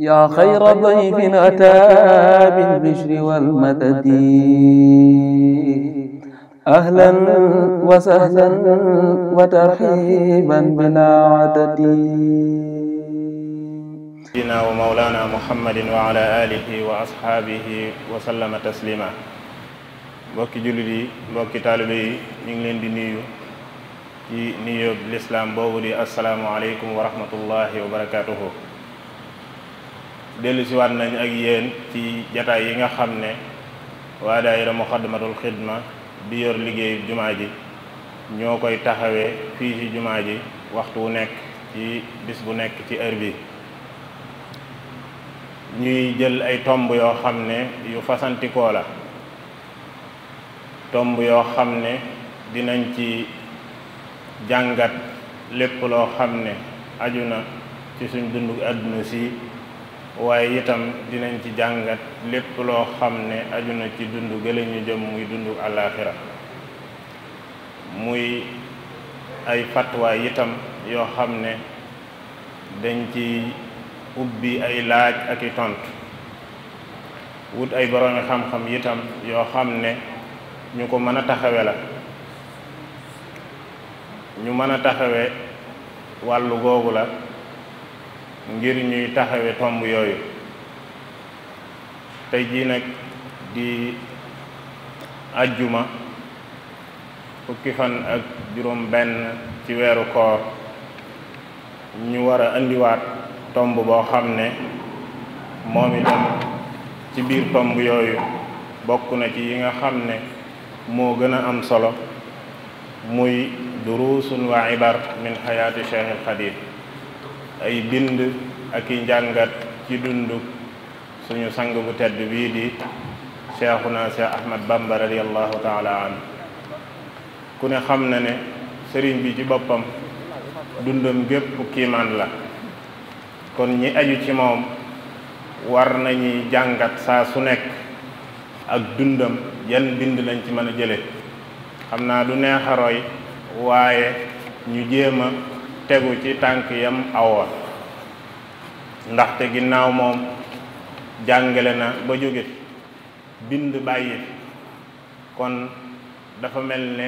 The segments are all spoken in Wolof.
yaa xayra dayfin ataa bil bishri wal madadi ahlan wa sahlan wa tarhiiban bilaa adadi. sayyidinaa wa mawlaanaa Muhammadin wa alaa aalihi wa ashaabihi wa sallama tasliimaa. mbokki jullit yi mbokki taalibe yi ñu ngi leen di nuyu ci nuyoo lislaam boobu di asalaamu aleykum wa rahmatullaahi wa barakaatuhu. dellu waat nañ ak yéen ci jataay yi nga xam ne waa daayira muxaddamatul xidma bi yor liggéey jumaa ji ñoo koy taxawee fii ci jumaa ji waxtu wu nekk ci bis bu nekk ci heure bi ñuy jël ay tomb yoo xam ne yu fasantikoo la tomb yoo xam ne dinañ ci jàngat lépp loo xam ne aju na ci suñ dundu àdduna si waaye itam dinañ ci jàngat lépp loo xam ne aju na ci dund gële ñu jëm muy dund àllaaxira muy ay fatwa itam yoo xam ne dañ ci ubbi ay laaj ak i tontu wut ay boroomi xam-xam itam yoo xam ne ñu ko mën a taxawe la ñu mën a taxawe wàllu googu la ngir ñuy taxawe tomb yooyu tey jii nag di ajjuma fukki fan ak juróom benn ci weeru koor ñu war a indiwaat tomb boo xam ne moom itam ci biir tomb yooyu bokk na ci yi nga xam ne moo gën a am solo muy duruusun wa ibar min xayaati cheikh al ay bind ak i njàngat ci dundu suñu sang bu tedd bii di cheikhuna cheikh ahmad bamba radiallahu taala an ku ne xam na ne sëriñ bi ci boppam dundam gépp kiimaan la kon ñi aju ci moom war nañuy jàngat saa su nekk ak dundam yenn bind lañ ci mën a jële xam naa du neex a waaye ñu jéem tegu ci tànk yam awoon ndaxte ginnaaw moom jàngale na ba jóge bind bàyyi kon dafa mel ne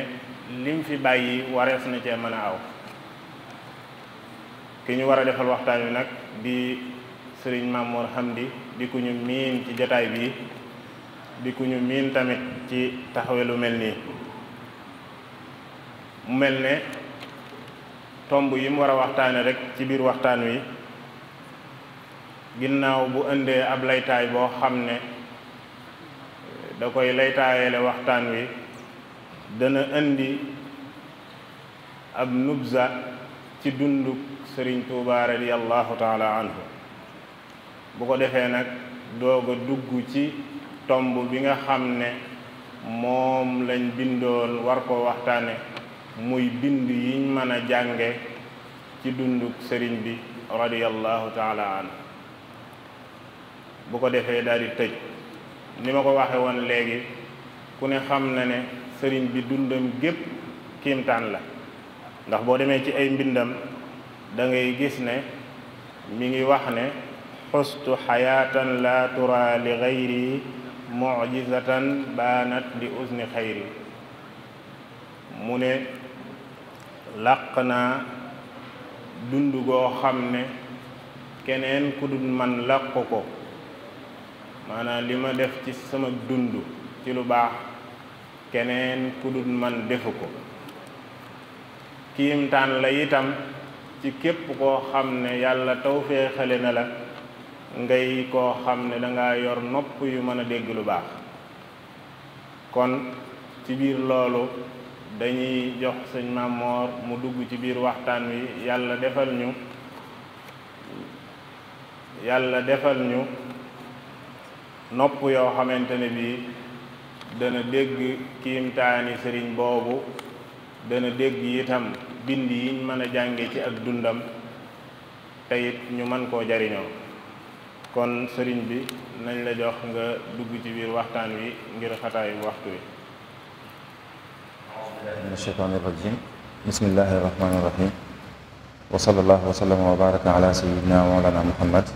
lim fi bàyyi warees na cee mën a aw ki ñu war a defal waxtaan wi nag di sëriñ Mamour Hamdi di ku ñu miin ci jataay bii di ku ñu miin tamit ci taxawe lu mel nii mu mel ne tomb yi war a waxtaane rek ci biir waxtaan wi ginnaaw bu indee ab laytaay boo xam ne da koy laytaayale waxtaan wi dana indi ab nubza ci dunduk sëriñ Tuuba radiyallahu taala anhu bu ko defee nag doog dugg ci tomb bi nga xam ne moom lañ bindoon war koo waxtaane muy bind yiñ mën a jànge ci dunduk sëriñ bi radiyallahu taala anhu bu ko defee daal tëj ni ma ko waxe woon léegi ku ne xam na ne sëriñ bi dundam gépp kiimtaan la ndax boo demee ci ay mbindam dangay gis ne mi ngi wax ne xustu xayaatan la tura li gayri mujizatan baanat li usni mu ne làq naa dund goo xam ne keneen ku dul man làq ko maanaam li ma def ci sama dund ci lu baax keneen ku dul man defu ko kiimtaan la itam ci képp koo xam ne yàlla tawféexale na la ngay koo xam ne danga yor nopp yu mën a dégg lu baax kon ci biir loolu dañuy jox sëñ Mamor mu dugg ci biir waxtaan wi yàlla defal ñu yàlla defal ñu nopp yoo xamante ne bii dana dégg kiimtaani sëriñ boobu dana dégg itam bind yiñ mën a jànge ci ak dundam te ñu mën koo jariñoo kon sëriñ bi nañ la jox nga dugg ci biir waxtaan wi ngir xataayu waxtu wi min asheytaani irrajim bismillahi irrahmaani irrahim wa sallallahu wa sallama wa baraka ala sayidina wa mawlana muhammad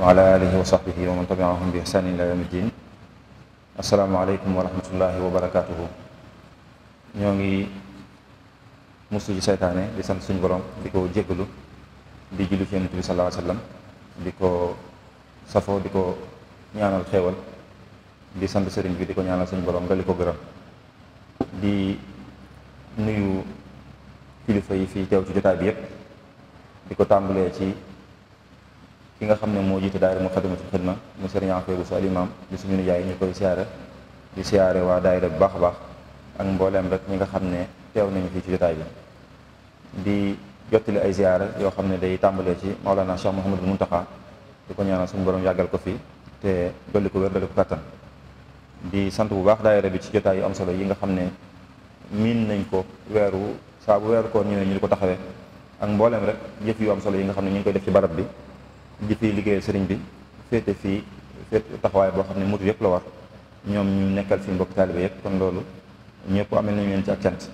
wa ala alihi wa sahbihi wa man tabiahum bi ihsanin ila yawmi din assalaamu aleykum wa rahmatullahi wa barakatuhu ñoo ngi musu ji seytaane di sant suñu borom di ko jéggalu di julli ci yonent bi sallallahu alayhi wa sallam di ko safoo di ko ñaanal xéewal di sant sëriñ bi di ko ñaanal suñu borom nga li ko gërëm di nuyu kilifa yi fii teew ci jotaay bi yépp di ko tàmbalee ci ki nga xam ne moo jiite daayira Muxaddamatul Xidma mu sëriñ Afee bu al imaam di suñu nijaay ñu koy siyaare di siyaare waa daayira bu baax a baax ak mbooleem rek ñi nga xam ne teew nañu fii ci jotaay bi di jottali ay ziyaara yoo xam ne day tàmbalee ci Maolana Cheikh Mouhamadul Muntaxa di ko ñaanal suñu borom yàggal ko fii te dolli ko wér dolli ko kattan di sant bu baax daayira bi ci jotaay yu am solo yi nga xam ne miin nañ ko weeru saa bu weeru koor ñëwee ñu di ko taxawee ak mbooleem rek jëf yu am solo yi nga xam ne ñu ngi koy def ci barab bi jëf yi liggéeyal sëriñ bi féete fii féete taxawaay boo xam ne mutu yëpp la war ñoom ñu nekkal fi mbokk taalibe yëpp kon loolu ñëpp amel nañu leen ci ak cant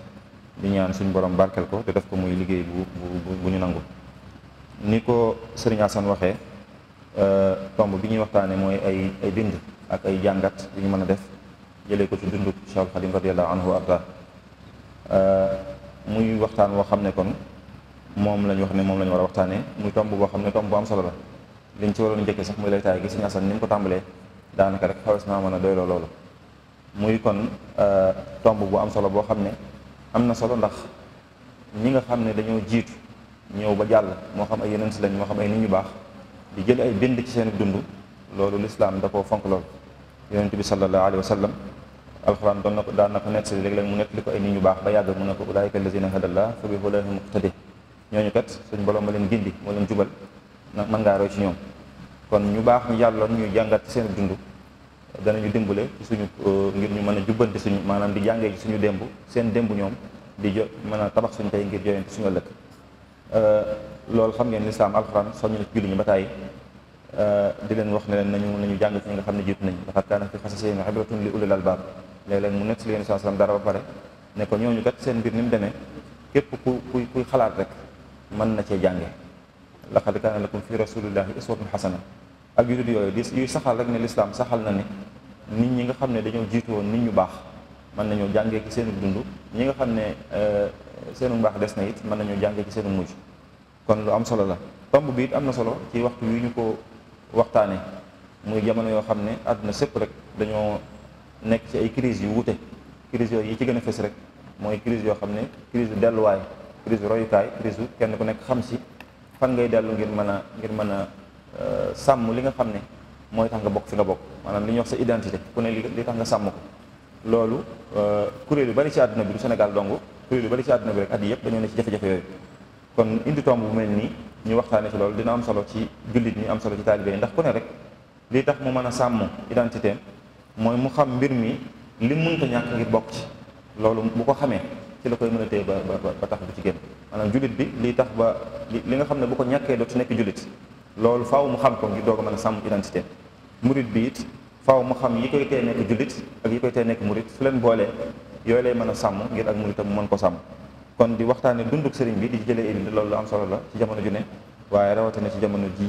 di ñaan suñ borom barkeel ko def ko muy liggéey bu bu bu ñu nangu ni ko sëriñ Assane waxee euh, tomb bi ñuy waxtaane mooy ay ay bind ak ay jàngat yu ñu mën a def jëlee ko ci dunduk Cheikh Khadim radiyallahu anhu arda Euh, muy waxtaan woo xam ne kon moom lañ wax ne moom lañu war a waxtaanee muy tomb boo xam ne tomb bu am solo la liñ ci waroon njëkkee sax muy laytaay gi Sëñ Asan ni ko tàmbalee daanaka rek naa mën a doyloo loolu muy euh, tomb bu am solo boo xam ne am na solo ndax ñi nga xam ne dañoo jiitu ñëw ba jàll moo xam ay yeneen si lañ moo xam ay nit ñu baax di jël ay bind ci seen dund loolu lislaam da koo fonk lool yonent bi sallallahu alayhi wa sallam alxuraan doon na ko daan na ko nett si léeg-léeg mu nett li ko ay ñu baax ba yàgg mu ne ko ulaayika allazina hadallah fa bi hudaahum muqtadi ñooñu kat suñ boroom ma leen gindi moo leen jubal na man ngaa roy ci ñoom kon ñu baax ñu yàlloon ñuy jàngat ci seen dund danañu dimbale ci suñu euh, ngir ñu mën a jubbante suñu maanaam di jàngee ci suñu démb seen démb ñoom di jo mën a tabax suñ tey ngir joyante suñu ëllëg euh, loolu xam ngeen lislaam alxuraan soññu na ci julli ñu ba tàyyi euh, di leen wax ne leen nañu nañu jàng ci ñi nga xam ne jiitu nañ laqad kaana fi qasasihim ibratun li ulil léeg mu nekk si leen saa salaam dara ba pare ne ko ñooñu kat seen mbir ni mu demee képp ku kuy kuy xalaat rek mën na cee jànge laqad kaana ko fi rasulillahi uswatun xasana ak yu dul yooyu di yuy saxal rek ne lislaam saxal na ne nit ñi nga xam ne dañoo jiitu woon nit ñu baax mën nañoo jàngee ci seenu dund ñi nga xam ne euh, seenu mbaax des na it mën nañoo jànge ci seenu mujj kon lu am solo la tomb bi it am na solo ci waxtu yu ñu ko waxtaane muy jamono yoo xam ne àdduna sëpp rek dañoo nekk ci ay crise yu wuute crise yooyu yi ci gën a fës rek mooy crise yoo xam ne crise yu delluwaay crise yu royukaay crise yu kenn ku nekk xam si fan ngay dellu ngir mën a ngir mën a euh, sàmm li nga xam ne mooy tax nga bokk fi nga bokk maanaam li ñuy wax sa identité ku ne li tax nga sàmm ko loolu euh, kuréel yu bari ci àdduna bi du Sénégal dong kuréel yu bari ci rek at yëpp dañoo ne ci jafe-jafe kon indi tomb bu mel nii ñu waxtaane si loolu dina am solo ci jullit ñi am solo ci taalibe yi ndax ku ne rek li tax mu mën a sàmm identité mooy mu xam mbir mi li mënta ñàkk ngir bokk ci loolu bu ko xamee ci la koy mën a ba ba tax du ci génn a jullit bi lii tax ba li nga xam ne bu ko ñàkkee dootu nekk jullit loolu faw mu xam ko ngir doog a mën a sàmm identité murit bi it faw mu xam yi koy tee nekk jullit ak yi koy tee nekk murit su leen boolee yooyu lay mën a sàmm ngir ak muritam mu mën ko sàmm kon di waxtaan waxtaane dunduk sëriñ bi di ci jëlee indi loolu lu am solo la ci jamono ju ne waaye rawatina ci jamono ji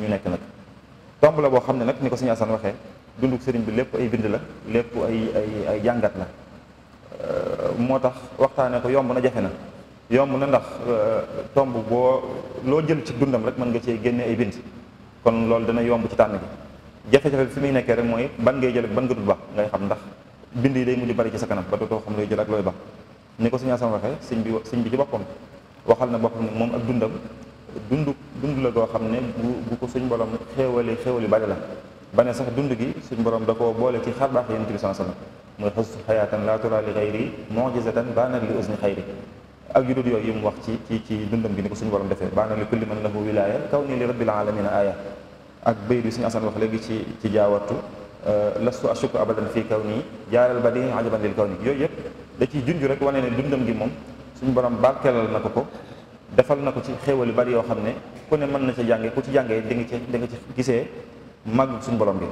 ñu nekk nag tomb la boo xam ne nag ni ko sëñ Asan waxee dunduk sëriñ bi lépp ay bind la lépp ay ay ay jàngat la euh, moo tax waxtaanee ko yomb na jafe na yomb na ndax euh, tomb boo loo jël ci dundam rek mën nga cee génne ay bind kon loolu dana yomb ci tànn bi jafe-jafe fi muy nekkee rek mooy ban ngay jël ak ban nga dul baax ngay xam ndax bind yi day mujj bari ci sa kanam ba dootoo xam looy jël ak looy baax ni ko suñaa sama waxee sëñ bi sëñ bi ci boppam waxal na boppam ne moom ak dundam dund dund la goo xam ne bu bu ko suñ borom xéewali xéewali bari la ba ne sax dund gi suñu borom da koo boole ci xar baax yonent bi sallallahu alayhi wasallam mooy xus xayaatan laa turaa li xayri mujizatan baanat li usni xayri ak yu dul yooyu mu wax ci ci ci dundam gi ni ko suñu borom defee baanat li kulli man lahu wilaaya kaw nii li rabbil alamina aaya ak bay bi suñu asan wax léegi ci ci jaawartu euh, lastu ashuku abadan fii kaw nii jaaral ba di ajaban lil kaw nii yooyu yëpp da ciy junj rek wane ne dundam gi moom suñu borom barkeelal na ko ko defal na ko ci xéewal yu bari yoo xam ne ku ne mën na ci jànge ku ci jàngee di nga ci di nga gisee màgg suñu borom bi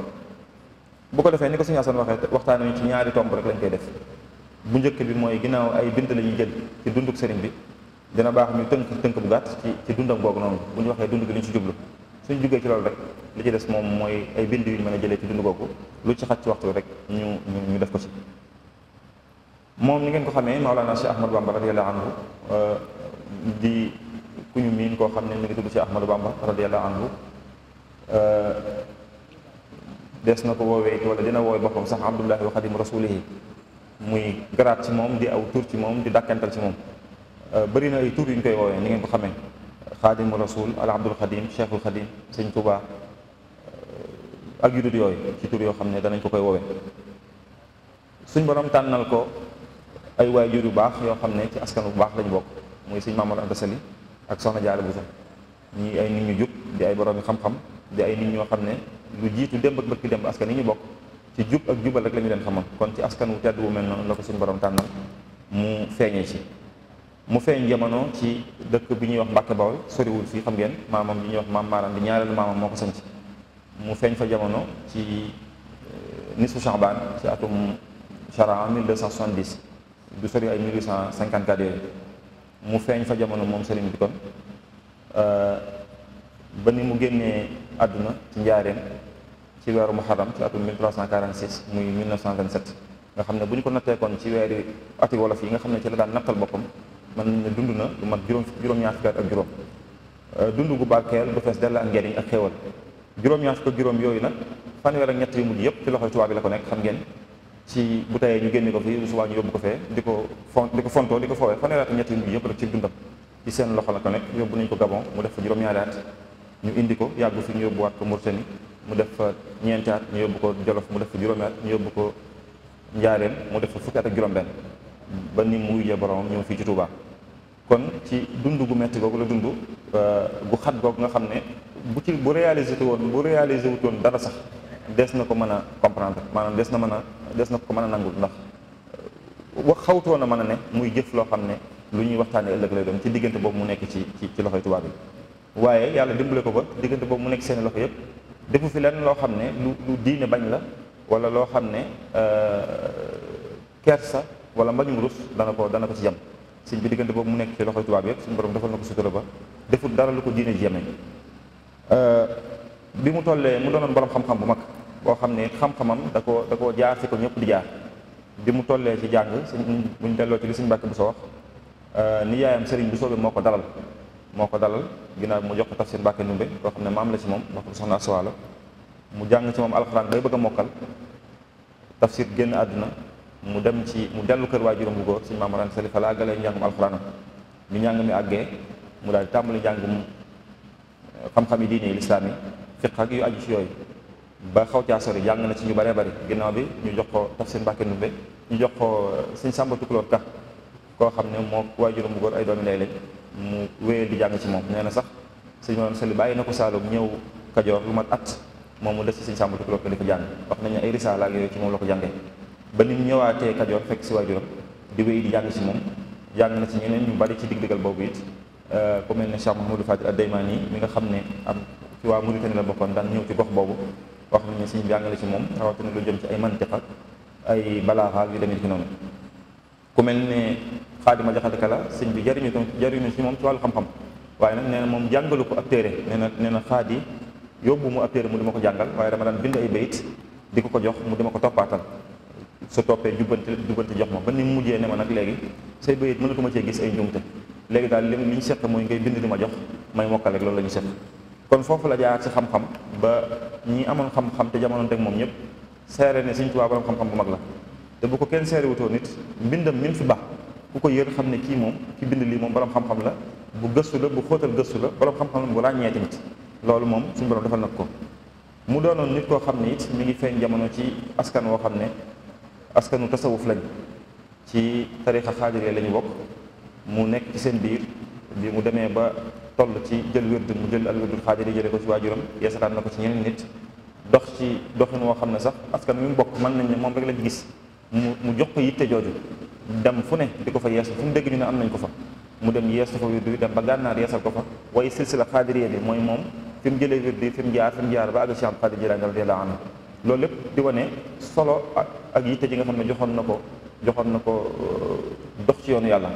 bu ko defee ni ko suñu asan waxtaan wi ci ñaari tomb rek lañ koy def bu njëkk bi mooy ginnaaw ay bind lañu ñuy jël ci dunduk sëriñ bi dina baax ñu tënk tënk bu gàtt ci ci dundam googu noonu bu ñu waxee dund gi li ñu ci jublu suñ jugee ci loolu rek li ci des moom mooy ay bind yu mën a jëlee ci dund googu lu ci xaj ci waxtu rek ñu ñu def ko ci moom ni ngeen ko xamee Maolana si Ahmadou Bamba radiyallahu anhu euh, di ku ñu miin koo xam ne ñu ngi tudd Cheikh Ahmadou Bamba radiyallahu anhu euh, des na ko woowee wala dina woowee boppam sax abdullahi wa xadim rasulihi muy garaat ci moom di aw tur ci moom di dàkkantal ci moom euh, bëri ay tur yu ñu koy woowee ni ngeen ko xamee xaadimu rasul al abdul xadim cheikhul xadim sëñ Tuubaa euh, ak yu dut yooyu ci yoo xam ne danañ ko koy woowee suñ borom tànnal ko ay waajur yu baax yoo xam ne ci askan bu baax lañ bokk muy sëñ Maamor Anta Sali ak soxna Jaara Buso ñii ay nit ñu jub di ay borom yi xam-xam nit ñoo xam ne lu jiitu démb ak bërki démb askan yi ñu bokk ci jub ak jubal rek la ñu leen xamoon kon ci askan wu tedd wu mel noonu la ko suñu borom tànnal mu feeñee ci mu feeñ jamono ci dëkk bi ñuy wax Mbàkke Bawol soriwul fii xam ngeen maamam bi ñuy wax maam maaram di ñaareelu maamam moo ko ci mu feeñ fa jamono ci euh, nisfu Shaaban ci atum charan 1270 du sori ay 1854 yooyu mu feeñ fa jamono moom sëriñ bi kon euh, ba ni mu génnee àdduna ci njaareem ci weeru muharram ci atum 1346 muy 1927 nga xam ne bu ñu ko nattee kon ci weeri ati wolof yi nga xam ne ci la daan nattal boppam mën nañ dund na lu mat juróom juróom-ñaar fukki at ak juróom euh, dund gu barkeel bu fees dell ak njariñ ak xéewal juróom-ñaar fukk ak juróom yooyu nag fanweer ak ñett yu mujj yëpp ci loxoy tubaab bi la ko nekk xam ngeen ci bu tayee ñu génne ko fi bu subaa ñu yóbbu ko fee di ko fontoo di ko foowee fanweer ak ñett yu mujj yëpp rek ci dundam ci seen loxo la ko nekk yóbbu nañ ko Gabon mu def fa ko yàggu fi ñu mu def fa ñeenti at ñu yóbbu ko Jolof mu def fa juróomi ñu yóbbu ko Njaareem mu def fa fukki at ak juróom-benn ba ni mu wujjee boromam ñëw fii ci Touba. kon ci dund gu metti googu la dund gu xat googu nga xam ne bu ci bu réalisé woon bu réalisé wutoon dara sax des na ko mën a comprendre maanaam des na mën a des na ko mën a nangul ndax euh, wax xawtoon a mën a ne muy jëf loo xam ne lu ñuy waxtaanee ëllëg lay doon ci diggante boobu mu nekk ci ci ci loxoy tubaab yi waaye yàlla dimbale ko ba diggante boobu mu nekk seen loxo yëpp defu fi lenn loo xam ne lu lu diine bañ la wala loo xam ne euh, sax wala mbañum rus dana ko dana ko ci jam sëñ bi diggante boobu mu nekk ci loxoy tubaab yëpp suñu borom defal na ko sutura ba deful dara lu ko diine ji yeme euh, bi mu tollee mu doonoon borom xam-xam bu mag boo xam ne xam-xamam da ko da koo jaar si ko ñëpp di jaar bi mu tollee ci jàng suñ buñ delloo ci li suñ mbàkk bu sa wax euh, ni yaayam sëriñ bu soobee moo ko dalal moo ko dalal ginnaaw mu jox ko tafsir Mbàkke Ndumbe koo xam ne maam la ci moom ndax ko soxna Asuwaala mu jàng ci moom alxuraan bay bëgg a mokkal tafsir mu dem ci mu dellu kër waajuram bu góor suñu maam Mor Anta Sali fa laa galee njàngum alxuraanam bi njàng mi àggee mu daal di tàmbali njàngum eh, xam-xam yi diine yi lislaam yi fiq ak yu aju ci yooyu ba xaw caa sori jàng na ci ñu baree bari ginnaaw bi ñu jox ko tafsir Mbàkke Ndumbe ñu jox ko eh, sëñ Sàmba Tukulóor ka koo xam ne moo waajuram bu góor ay doomi lay lañ mu wéyal di jàng ci moom nee na sax sëñ Maam Sali bàyyi na ko Saalum ñëw Kajoor lu mat at moom mu des ci sëñ Sàmba Tukulóor di ko jàng wax nañu ay risaala ak ci moom la ko jàngee ba ni mu ñëwaatee Kajoor fekk si waajuram di wéy di jàng moom jàng na ci ñeneen ñu bari ci digg-diggal boobu it euh, ku mel ne Cheikh Mahamadou Fadil ad yi mi nga xam ne am ci waa Mauritanie la bokkoon daan ñëw ci gox boobu wax nañu ne sëñ jàngale ci moom rawatina lu jëm ci ay mantiq ak ay balaaxa yu demee ci noonu ku mel ne xaadima jaxate kala sëñ bi jëriñu jëriñu si moom ci wàllu xam-xam waaye nag nee na moom jàngalu ko ab téere nee na nee na xaadi yóbbu mu ab téere mu di ma ko jàngal waaye dama daan bind ay bayit di ko ko jox mu di ma ko toppaatal su toppee jubbanti jox ma ba ni mu mujjee ne ma nag léegi say bayit mënatuma cee gis ay njumte léegi daal li ñu seq mooy ngay bind di ma jox may mokkal ak loolu la ñu seq kon foofu la jaar ci xam-xam ba ñi amoon xam-xam te jamono teg moom ñëpp seere ne Sëñ Tuubaa borom xam-xam bu ko kenn seere wutoo nit mbindam min fi ku ko yër xam ne kii moom ki bind lii moom borom xam-xam la bu gëstu la bu xóotal gëstu la borom xam-xam la bu ràññee tamit loolu moom suñu borom defal na ko mu doonoon nit koo xam ne it mi ngi feeñ jamono ci askan woo xam ne askanu tasawuf lañ ci tarixa xaadiree la ñu bokk mu nekk ci seen biir bi mu demee ba toll ci jël wérd mu jël al wérdul xaadiri jëlee ko ci waajuram yeesalaat na ko ci ñeneen nit dox ci doxin woo xam ne sax askan wi mu bokk mën nañ ne moom rek lañ gis mu mu jox ko yitte jooju dem fu ne di ko fa yeesu fu mu dégg ñu ne am nañ ko fa mu dem yeesu fa wirdu bi dem ba gànnaar yeesal ko fa waaye silsila bi mooy moom fi mu jëlee wirdu fi mu jaar fi jaar ba àgg Cheikh Abdul Xaadir Jilaani radiyallaahu anhu loolu lépp di wane solo ak yitte ji nga xam ne joxoon na ko joxoon na ko euh, dox ci yoonu yàlla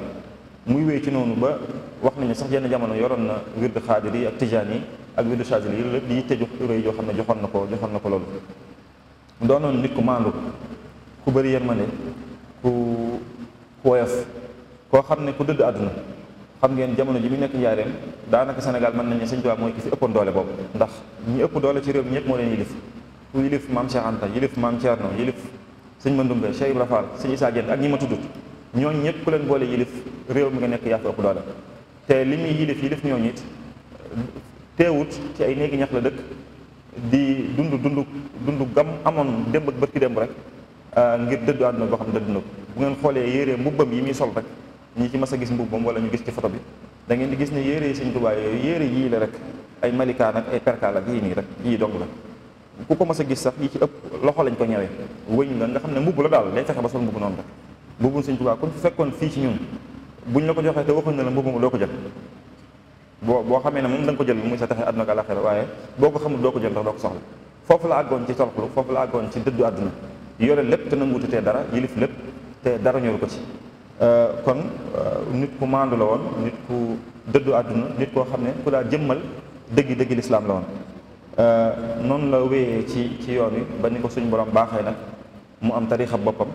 muy wéy ci noonu ba wax nañu sax yenn jamono yoroon na wirdu xaadir yi ak tijaan yi ak wirdu chazili yi lépp di yitte jox joo xam ne joxoon na ko joxoon ko loolu doonoon nit ku maandu ku bëri yërmande ku woyof koo xam ne ku dëdd àdduna xam ngeen jamono ji mu nekk njaareem daanaka Sénégal mën nañu Sëñ Tuubaa mooy ki fi ëppoon doole boobu ndax ñi ëpp doole ci réew mi ñëpp moo leen yilif ku yilif maam Cheikh Anta yilif maam Thierno yilif sëñ Mandumbe Cheikh Ibra Fall sëñ Issa Dieng ak ñi ma tuddut ñooñu ñëpp ku leen boole yilif réew mi nga nekk yaa fi ëpp doole te li muy yilif yilif ñooñu it teewut ci ay néegi ñax la dëkk di dund dund dund gam amoon démb ak bët ki démb rek Euh, ngir dëddu àdduna boo xam ne dëddu na bu ngeen xoolee yére mbubbam yi muy sol rek ñi ci mas a gis mbubbam wala ñu gis ci foto bi dangeen di gis ne yére yi sëñ Tuubaa yooyu yére yii la rek ay malikaan ak ay perkaal ak yii nii rek yii dong la ku ko mas a gis sax yi ci ëpp loxo lañ ko ñëwee wëñ la nga xam ne mbubb la daal day fexe ba sol mbubb noonu rek mbubbum sëñ Tuubaa kon fi fekkoon fii ci ñun buñ la ko joxee te waxuñ ne la mbubbam doo ko jël boo boo xamee ne moom ko jël muy sa taxe àdduna ak alaxira waaye boo ko xamul ko jël ndax doo ko soxla foofu la àggoon ci tolxlu foofu la ci dëddu àdduna yore lépp te nanguwutu te dara yilif lépp te dara ñoru ko ci euh, kon euh, nit ku maandu la woon nit ku dëddu àdduna nit koo xam ne ku daa jëmmal dëggi dëggi lislaam la woon euh, noonu la wéyee ci ci yoon wi ba ni ko suñ borom baaxee nag mu am tariixa boppam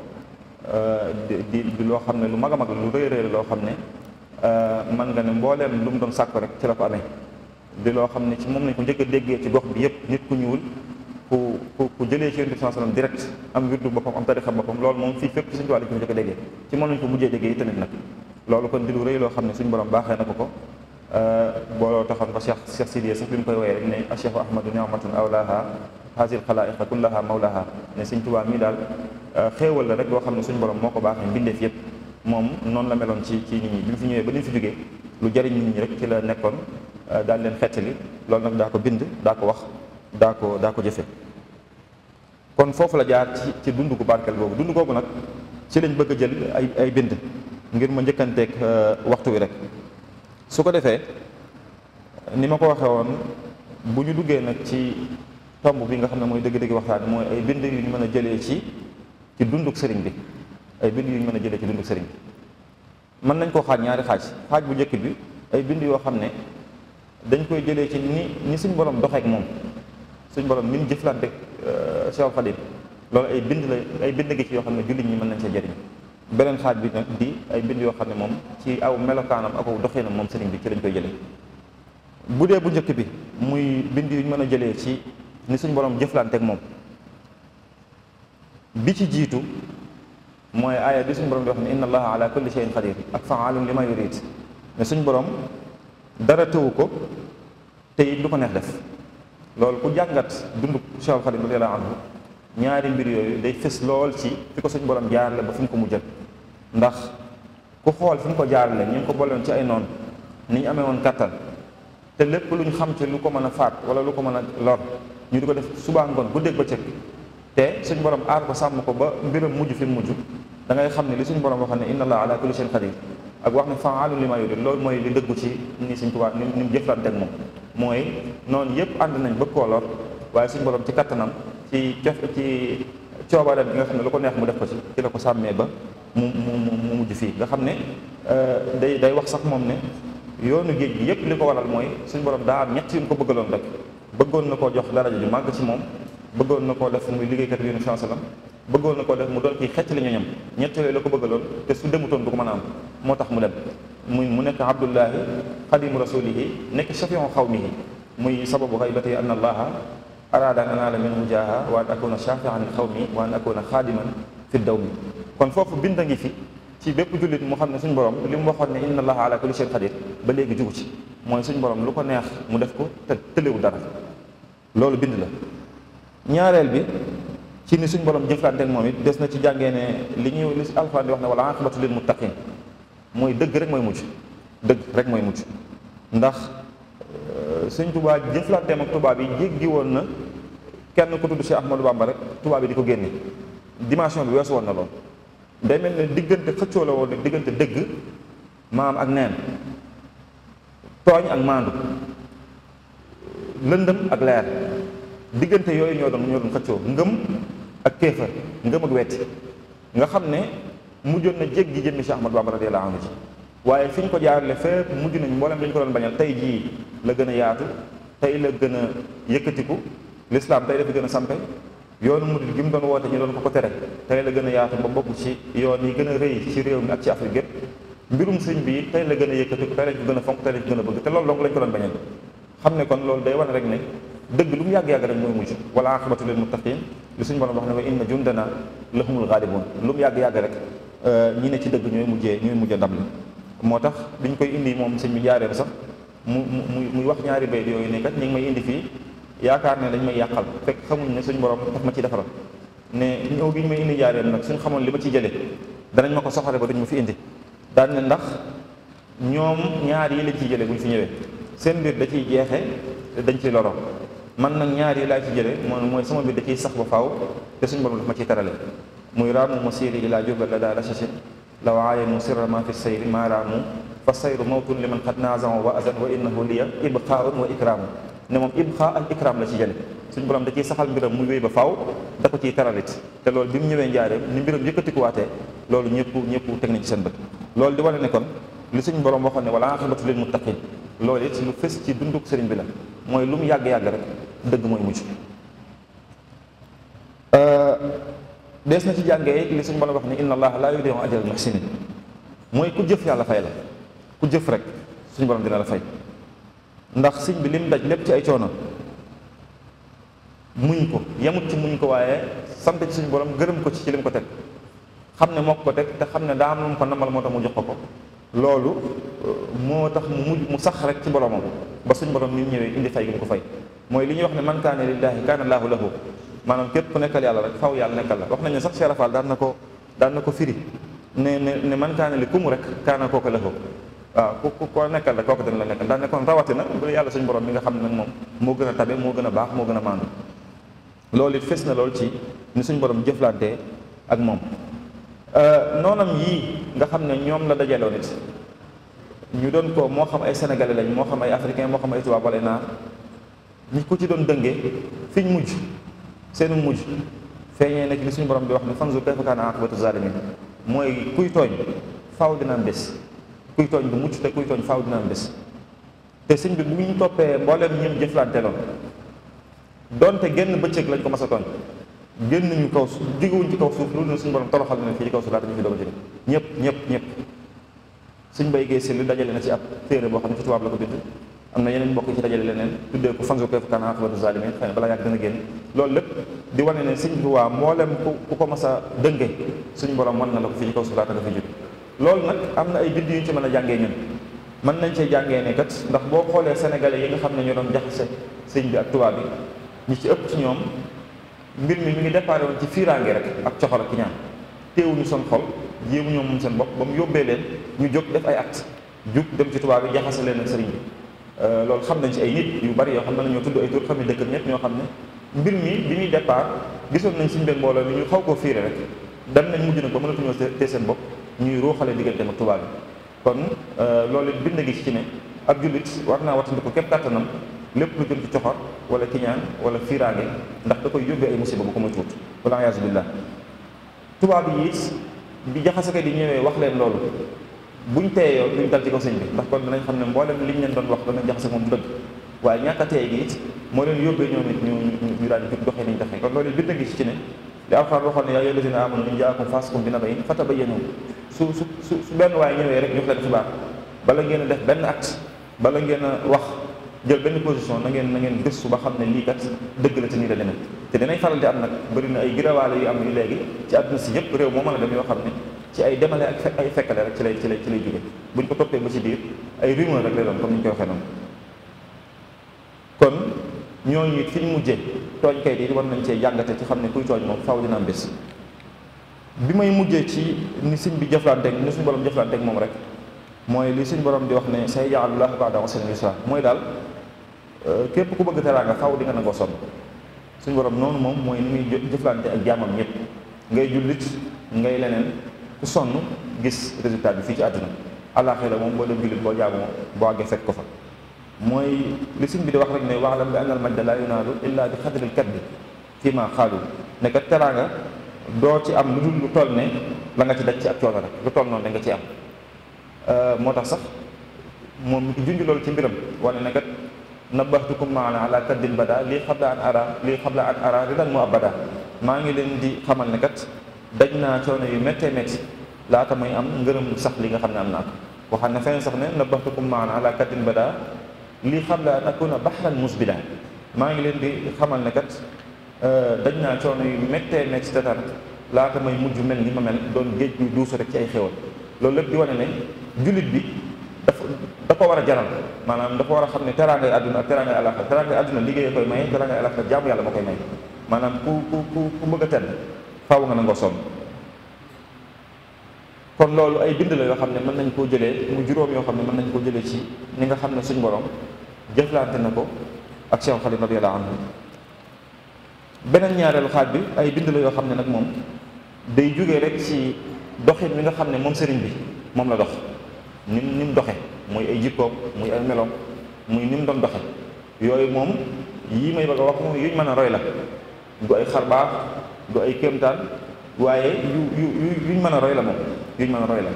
di di loo xam ne lu mag a mag lu rëy rëy loo xam ne man nga ne mbooleem lu mu doon sàkku rek ci la ko amee di loo xam ne ci moom lañ ko njëkk déggee ci gox bi yëpp nit ku ñuul ku ku ku jëlee ci yonent bi sallallahu alayhi am wirdu boppam am tarixa boppam loolu moom fii fépp ci Sëriñ Tuubaa lañ ko njëkk a ci moom lañ ko mujjee déggee itamit nag loolu kon di lu rëy loo xam ne suñu borom baaxee na ko ko euh, booloo taxoon ba Cheikh Cheikh Sidiya sax li mu koy woyee rek ne Cheikhu Ahmadu ni'matun awlaha hasil xalaa'iqa kullaha mawlaha ne Sëriñ Tuubaa mii daal euh, xéewal la rek loo xam ne suñu borom moo ko baaxee mbindeef yëpp moom noonu la meloon ci ci nit ñi bi mu fi ñëwee ba ñu fi jógee lu jariñ nit ñi rek ci la nekkoon euh, daal leen xettali loolu nag daa ko bind daa ko wax daa ko daa ko jëfe kon foofu la jaar ci ci dund gu barkeel googu dund googu nag ci lañ bëgg a jël ay ay bind ngir ma njëkkanteeg euh, waxtu wi rek su ko defee ni ma ko waxee woon bu ñu duggee nag ci tomb bi nga xam ne mooy dëgg-dëgg waxtaan mooy ay bind yu ñu mën a jëlee ci ci dunduk sëriñ bi ay bind yu mën a jëlee ci dunduk sëriñ mën nañ koo xaaj ñaari xaaj xaaj bu njëkk bi ay bind yoo xam ne dañ koy jëlee ci ni ni suñ borom doxeek moom suñ borom min jëflanteek Seex euh, Xaadim loolu ay bind la ay bind gi ci yoo xam ne jullit ñi mën nañ see jëriñ beneen xaaj bi nag di ay bind yoo xam ne moom ci aw melokaanam ak aw doxinam moom sëriñ bi ci lañ koy jëlee bu dee bu njëkk bi muy bind yu ñu mën a jëlee ci ni suñ borom jëflante moom bi ci jiitu mooy aaya suñ borom di wax ne inna allaha ala kulli shay'in qadir ak fa'alun lima yurid ne suñ borom dara tëwu ko te it lu ko neex def loolu ku jàngat dund Cheikh Khadim radiyallahu anhu ñaari mbir yooyu day fës lool ci fi ko suñ borom jaarale ba fi mu ko mujjal ndax ku xool fi mu ko jaarale ñu ngi ko boloon ci ay noonu ni ñu amee woon kattan te lépp lu ñu xam ci lu ko mën a faat wala lu ko mën a lor ñu di ko def subaa ngoon guddeeg bëccëg te suñ borom aar ko sàmm ko ba mbiram mujj fi mu mujj da ngay xam ne li suñ borom waxoon ne inna allaha ala kulli shay'in qadir ak wax na fa'aalun limaa yuriid loolu mooy li dëggu ci ni suñ Tuubaa ni ni mu jëflante ak moom mooy noonu yëpp ànd nañ bëgg koo lor waaye suñu boroom ci kattanam ci cof ci coobareem bi nga xam ne lu ko neex mu def ko ci ci la ko sàmmee ba mu mu mu mujj fii nga xam ne euh, day day wax sax moom ne yoonu géej gi yëpp li ko walal mooy suñ borom daa am ñett yu mu ko bëggaloon rek bëggoon na koo jox daraja ju màgg ci moom bëggoon na koo def muy liggéeykat bi yonent sallam bëggoon na koo def mu doon kiy xettali ñoñam ñett yooyu la ko bëggaloon te su demutoon du ko mën a am moo tax mu dem muy mu nekk abdullahi xadimu rasulihi nekk shafiu xawmihi muy sababu xaybati an allaha araada an anaala minhu jaaha wa an akuna shafian mi wa an akuna xaadiman fi dawmi kon foofu bind a ngi fi ci bépp jullit mu xam ne suñ borom li mu waxoon ne inna allaha ala kulli shay'in qadir ba léegi jugu ci mooy suñ borom lu ko neex mu def ko te tëlewu dara loolu bind la ñaareel bi ci ni suñ borom jëflanteeg moom it des na ci jàngee ne li ñu li alxuraan di wax ne wala aqibatu lil muttaqin mooy dëgg rek mooy mujj dëgg rek mooy mujj ndax euh, suñ tubaab jëflanteem ak tubaab yi jéggi woon na kenn ku tudd Cheikh Ahmadou Bamba rek tubaab yi di ko génne dimension bi weesu woon na lool day mel ne diggante xëccoo la woon diggante dëgg maam ak neen tooñ ak maandu lëndëm ak leer diggante yooyu ñoo doon ñoo doon xëccoo ngëm ak kéefar ngëm ak wetti nga xam ne mujjoon na jéggi jëmmi Cheikh Ahmadou Bamba radiyallahu anhu ci waaye fi ñu ko jaarale fépp mujj nañ mboolem lañ ko doon bañal tey jii la gën a yaatu tey la gën a yëkkatiku lislaam tey dafa gën a sampe yoonu murid gi mu doon woote ñu doon ko ko tere tey la gën a yaatu ba ci yoon yi gën a rëy ci réew mi ak ci Afrique gépp mbirum sëñ bi tey la gën a yëkkatiku tey lañ ko gën a fonk tey lañ ko a bëgg te loolu donc lañ ko doon bañal xam ne kon loolu day wane rek ne dëgg lu mu yàgg-yàgg rek mooy mujj wala aqibatu lil muttaqin li suñu borom wax ne wa inna jundana lahumul ghalibun lu mu yàgg-yàgg rek euh, ñi ne ci dëgg ñooy mujjee ñooy mujj ndam moo tax dañ koy indi moom sëñ bi jaareem sax mu mu muy wax ñaari bayt yooyu ne kat ñu may indi fii yaakaar ne dañ may yàqal fekk xamuñ ne suñ borom daf ma ci defaral ne ñëw gi ñu may indi jaareem nag suñ xamoon li ma ci jële danañ ma ko soxale ba duñ ma fi indi daan ne ndax ñoom ñaar yi lañ ciy jële ñu fi ñëwee seen mbir da ciy jeexe dañ ci loro man nag ñaar yi laa ci jële moom mooy sama mbir da ciy sax ba faaw te suñu borom daf ma ciy tarale muy raamu masiri ilaa jubal la daa rachasin law aayanu sirra ma fi sayri maa raamu fa sayru mawtun liman xad naazan wa azan wa innahu liya ibqaaun wa ikraamu ne moom ibqaa ak ikraam la ci jële suñu borom da ciy saxal mbiram muy wéy ba faaw da ciy taralit te loolu bi mu ñëwee njaareem ni mbiram yëkkatikuwaatee loolu ñëpp ñëpp teg nañ seen bët loolu di wane ne kon li suñu borom waxoon ne wala loolu it lu fës ci dunduk sëriñ bi la mooy lu mu yàgg-yàgg rek dëgg mooy mujj euh, des na ci jàngee li suñu borom wax ni inna allaha laa yudii'u ajral muhsinin mooy ku jëf yàlla fay la ku jëf rek suñu borom dina la fay ndax sëñ bi lim daj lépp ci ay coono muñ ko yemut ci muñ ko waaye sant ci suñu borom gërëm ko ci ci lim ko teg xam ne moo ko teg te xam ne daa am lu mu ko namal moo tax mu jox ko ko loolu euh, moo tax mu mujj mu sax rek ci boromam ba suñ borom mi ñëwee indi fay gi mu ko fay mooy li ñu wax ne man kaana lillaahi kaana laahu lahu maanaam képp ku nekkal yàlla rek faw yàlla nekkal la wax nañ ne sax Cheikh na ko daan na ko firi ne ne ne man kaana li kumu rek kaana kooka lahu waaw ku koo nekkal rek kooku dana la nekkal daan ne kon rawatina yàlla suñ borom mi nga xam ne nag moom moo gën a tabe moo gën a baax moo gën a maandu loolu it fes na loolu ci ni suñ borom jëflantee ak moom euh, nga xam ne ñoom la dajaloo nit ñu doon ko moo xam ay sénégalais lañ moo xam ay africain moo xam ay tubaab wala naar ñi ku ci doon dënge fiñ mujj seenu mujj feeñee na ci li suñu borom bi wax ne fanzur kayfa kaana aqibatu zalimin mooy kuy tooñ faaw dina am bés kuy tooñ du mucc te kuy tooñ faaw dina am te sëñ bi mi ñu toppee mbooleem ñim jëflante loon donte genn bëccëg lañ ko mas tooñ génn ñu kaw suuf jógewuñ ci kaw suuf lu dul suñu borom toroxal na fii ci kaw suuf laata ñu fi doog ñëpp ñëpp ñëpp suñ bay gee seen dajale na ci ab téere boo xam ne ci tubaab la ko bind am na yeneen mbokk yi ci dajale leneen tuddee ko fanso koy fu kanaan dana génn loolu lépp di wane ne sëñ bi waa mboolem ku ko mas a dënge suñu borom mën na la ko fii ci kaw suuf laata nga fi jóge loolu nag am na ay bind yu ci mën a jàngee ñun mën nañ cee jàngee ne kat ndax boo xoolee sénégalais yi nga xam ne ñoo doon jaxase sëñ bi ak tubaab bi ñu ci ëpp ci ñoom mbir mi mi ngi déparé woon ci fiiraange rek ak coxor ak ñaan teewuñu seen xol yéemu ñoo mun seen bopp ba mu yóbbee leen ñu jóg def ay acte jóg dem ci tubaab bi jaxase leen ak sëriñ bi euh, loolu xam nañ ci ay nit yu bari yoo xam ne nañoo tudd ay tur xam ne dëkk ñoo xam ne mbir mi bi ñuy départ gisoon nañ suñu benn mbooloo mi ñu xaw koo fiire rek dem nañ mujj nag ba mënatuñoo tee seen bopp ñuy ruuxale diggante ak tubaab bi kon euh, loolu bind gi ci ne ab jullit war naa wattandiku képp kàttanam lépp lu jëm ci coxor wala kiñaan wala fiiraange ndax da koy yóbbee ay musiba bu ko muy tuut wala ayaasu billah tubaab yi it bi jaxasekat yi ñëwee wax leen loolu buñ teeyoo duñ dal ci kaw sëñ bi ndax kon danañ xam ne mboolem liñ leen doon wax dana jaxase moom dëgg waaye ñàkk a teey gi it moo leen yóbbee ñoom it ñu ñu daal di doxee niñ doxee kon loolu bind ngi ci ne li alxuraan waxoon ne yaa ayyuhal lazina aamanu in jaakum faasiqun bi naba'in su su su benn waaye ñëwee rek jox leen xibaar bala ngeen a def benn acte bala ngeen a wax jël benn position na ngeen na ngeen gëstu ba xam ne lii kat dëgg na te nii la demee te danay faral di am nag bëri na ay girawaale yu am yu léegi ci àdduna si yëpp réew moo mën a dem yoo xam ne ci ay demale ak ay fekkale rek ci lay ci lay ci lay jóge ko toppee ba ci biir ay rumeur rek lay doon comme ñu koy kon ñooñu fi ñu mujjee tooñ kay di war nañ cee jàngate ci xam ne kuy tooñ moom faaw dina am bés bi may mujjee ci ni sëñ bi jëflanteeg ni suñu borom jëflanteeg moom rek mooy li suñu borom di wax ne say jaalullaahu ba'da usrin yusra mooy daal Euh, képp ku bëgg teraanga xaw di nga ko sonn suñu borom noonu moom mooy ni muy jëflante ak jaamam ñëpp ngay jullit ngay leneen ku sonn gis résultat bi fii ci àdduna àllaaxira moom boo dem jullit boo jaamoo boo àggee fekk ko fa mooy li suñ bi di wax rek ne wax la bi anal majda laa yunaalu illaa bi xadril kaddi fii ma xaalu ne kat teraanga doo ci am lu dul lu toll ne la nga ci daj ci ak coono rek lu toll noonu da nga ci am euh, moo tax sax moom junj loolu ci mbiram wane ne nabbaxtukum maana ala kaddin bada lii xabla an ara lii xabla an ara ridan mu abada maa ngi leen di xamal ne kat daj naa coono yu méttee métti laata muy am ngërëm lu sax li nga xam ne am naa ko waxaan ne feneen sax ne nabbaxtukum maana ala kaddin bada lii xabla an akuna baxran musbida maa ngi leen di xamal ne kat euh, daj naa coono yu méttee métti te tar laata may mujj mel ni ma mel doon géej gi duusu rek ci ay xéwal loolu lépp di wane ne jullit bi dafa da war a jaral maanaam dafa war a xam ne teraangay àdduna ak teraangay alaxira teraangay àdduna liggéey koy may teraangay alaxira jaamu yàlla moo koy may maanaam ku ku ku ku bëgg a tedd faw nga nangoo sonn kon loolu ay bind la yoo xam ne mën nañ koo jëlee mu juróom yoo xam ne mën nañ koo jëlee ci ni nga xam ne suñ borom jëflante na ko ak Cheikh Khalil radiyallahu anhu beneen ñaareelu xaaj bi ay bind la yoo xam ne nag moom day jógee rek ci doxin mi nga xam ne moom sëriñ bi moom la dox ni ni doxe muy ay jikkoom muy ay melo muy ni mu doon doxe yooyu moom yii may bëgg a wax moom mën a roy la du ay xarbaax waaye yu yu mën a roy la moom yuñ mën a roy la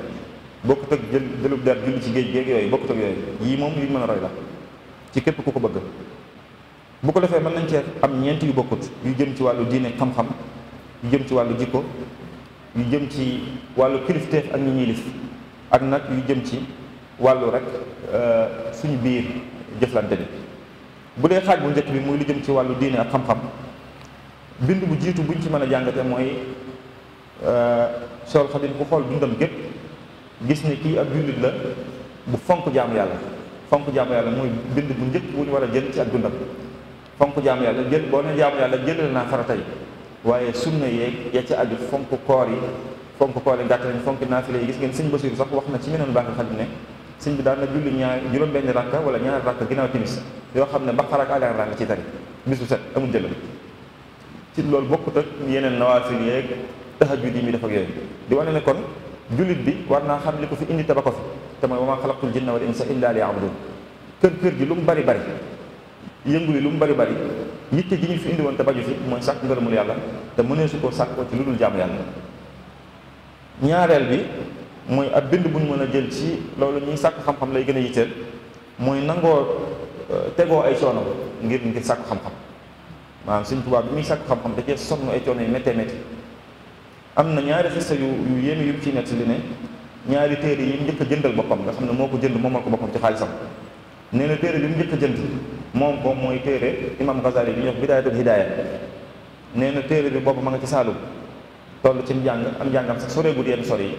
bokkut ak jël jëlub der julli ci géej géej yooyu bokkut ak yooyu yii moom yuñ mën a roy la ci képp ku ko bëgg bu ko defee mën nañ cee am ñeenti yu bokkut yu jëm ci wàllu diine xam-xam yu jëm ci wàllu jikko yu jëm ci wàllu kilifteef ak ni ñuy lif ak nag yu jëm ci wàllu rek euh, suñu biir jëflante bi bu dee xaaj bu njëkk bi muy lu jëm ci wàllu diine ak xam-xam bind bu jiitu buñ ci mën a jàngate mooy euh, Seexul Xadiim ku xool dundam gépp gis ni kii ak jullit la bu fonk jaamu yàlla fonk jaamu yàlla mooy bind bu njëkk bu ñu war a jën ci ak dundam fonk jaamu yàlla jël boo ne jaamu yàlla jëlal naa farata yi waaye sunna yeeg ya ca aju fonk koor yi fonk koor yi gàtt nañ fonk naafile yi gis ngeen sëñ Basiru sax wax na ci meneen baaxi xadim sëñ bi daan na julli ñaar juróom-benn rakka wala ñaar rakka ginnaaw timis yoo xam ne ba ak alan rang ci tari bisu set amul jëlam ci loolu bokkut ak yeneen nawaafil yeeg tahajjud yi mu def ak yooyu di wane ne kon jullit bi war naa xam ni ko fi indi taba ko fi te mooy wa maa xalaqtul jinna wal insa illa liya'budun kër kër gi lu mu bari bari yëngu li lu mu bari bari yitte ji ñu fi indi woon te baju fi mooy sàkk ngërëmul yàlla te mënee su ko sàkkoo ci lu dul jaamu yàlla bi mooy ab bind bu ñu mën a jël ci loolu ñuy sàkk xam-xam lay gën a yitteel mooy nangoo euh, tegoo ay coono ngir ngir sàkk xam-xam maanaam Sëñ Tuubaa bi muy sàkk xam-xam da cee sonn ay coono yu mettee métti am na ñaari xista yu yu yéeme yu ci nett li ne ñaari téere yi njëkk a jëndal boppam nga xam ne moo ko jënd moomal ko boppam ci xaalisam nee na téere bi mu njëkk jënd moom ko mooy téere imam Ghazali bi ñuy wax Bidaayatul Hidaaya nee na téere bi boobu ma nga ci Saalum toll ci njàng am njàngam sax soreegul yenn sori yi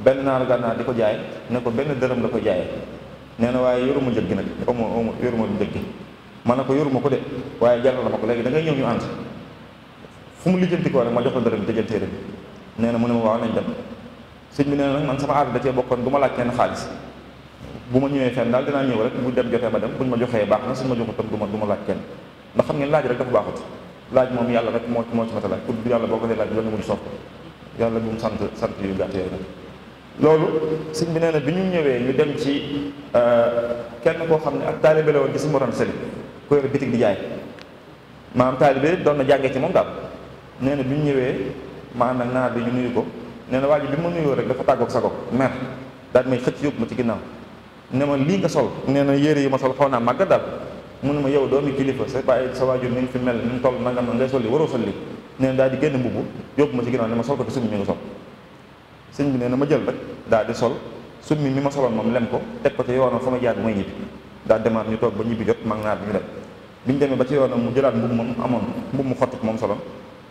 benn naaru gànnaar di ko jaay ne ko benn dërëm la ko jaaye nee na waaye yoruma njëg gi nag amu amu yoruma njëg gi ma ne ko yoruma ko de waaye jaral ma ko léegi da ñëw ñu ànd fu mu lijjanti ko rek ma jox la dërëm dëjël téere bi nee na mu ne ma waaw dem sëñ bi nee na man sama aada da cee bokkoon du ma laaj kenn xaalis bu ma ñëwee fenn daal dinaa ñëw rek bu dem jotee ma dem buñ ma joxee baax na suñ ma joxutam du ma du ma laaj kenn ndax xam ngeen laaj rek dafa baaxut laaj moom yàlla rek moo moo ci mata laaj pour yàlla boo ko dee laaj loolu mujj sopp yàlla bu mu sant sant yu gàtt loolu sëñ bi nee na bi ñu ñëwee ñu dem ci euh, kenn koo xam ne ak taalibe la woon ci si morom sëriñ ku yor bitig di jaay maanaam taalibe doon na jàngee ci moom daal nee bi ñu ñëwee ma ànd ak naar bi ñu nuyu ko nee na waa ji bi ma nuyoo rek dafa tàggoog sa ko mer daal may xëcc yóbbu ma ci ginnaaw ne ma lii nga sol nee yére yi ma sol xaw naa màgg daal mu ne ma yow doomi kilifa sa bàyyi sa waajur ni mu fi mel ni mu toll nangam na ngay sol li waroo di génn mbubb yóbbu ma ci ginnaaw ma sol ko sëñ bi nee na ma jël rek daal di sol summi mi ma soloon moom lem ko teg ko ca yoonam fa ma jaar mooy ñibbi daal demaat ñu toog ba ñibbi jot mag naar bi ñu ba ci yoonam mu jëlaat mbubb moom amoon mbubb mu xottik moom solon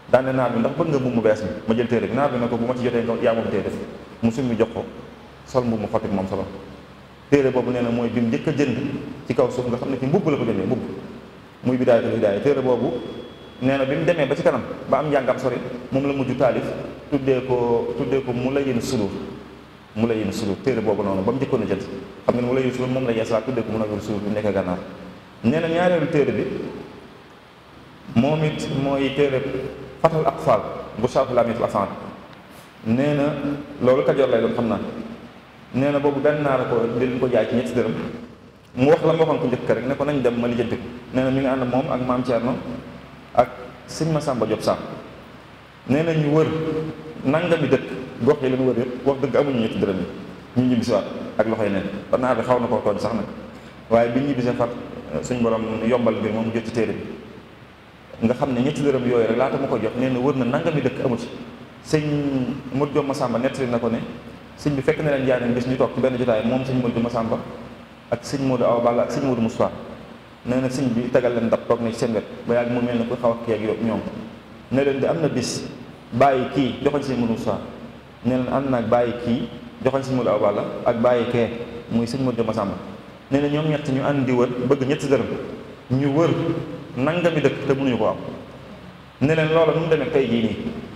daan ne naar bi ndax bëgg nga mbubb mu bees mi ma jël téere bi naar bi ne ko bu ma ci jotee nga yaa moom téere mu summi jox ko sol mbubb mu xottik moom solon téere boobu nee na mooy bi mu njëkk a jënd ci kaw suuf nga xam ne ci mbubb la ko jëndee mbubb muy bidaay te bidaay téere boobu nee na bi mu demee ba ci kanam ba am njàngam sori moom la mujj taalif tuddee ko tuddee ko mu la yéen suluur mu la yéen suluur téere boobu noonu ba mu njëkkoon a jënd xam ne mu la yéen suluur moom la yeesalaa tuddee ko mu la na ñaareelu téere bi moom it mooy téere fatal atfal bu sharh laamiyatul afaan nee na loolu kajoor lay doon xam naa nee na boobu benn naa la ko di leen ko jaay ci ñetti dërëm mu wax la ma waxoon ko njëkk rek ne ko nañ dem ma lijjanti ko nee na mi ngi ànd moom ak maam Thierno ak ma Masamba jot Samb nee nañ ñu wër nangami dëkk gox yi leen wër yëpp wax dëgg amuñu ñetti dërëm yi ñu ñibbisiwaat ak loxo yi neen naa bi xaw na koo tooñ sax nag waaye bi ñibbisee fat eh, suñ borom yombal mbir moom jot ci téere bi nga xam ne ñetti dërëm yooyu rek laata ma ko jox nee na wër na nangami dëkk amu ci sëñ ma Diop Masamba nettali na ko ne sëñ bi fekk na leen jaay ñu toog ci benn jotaay moom sëñ Modou Masamba ak sëñ Modou Awa Balla ak sëñ Modou Moustapha nee na sëñ bi tegal leen ndab toog na ci seen wet ba yàgg mu mel ne ku xaw ak kii ak ñoom ne leen di am na bis bàyyi kii joxoñ sëñ Modou Moussa ne leen am naag bàyyi kii joxoñ sëñ Modou Awa Balla ak bàyyi kee muy sëñ Modou Massamba nee na ñoom ñett ñu àndi wër bëgg ñetti dërëm ñu wër nangami dëkk te mënuñu ko am ne leen loola nu mu demee tey jii nii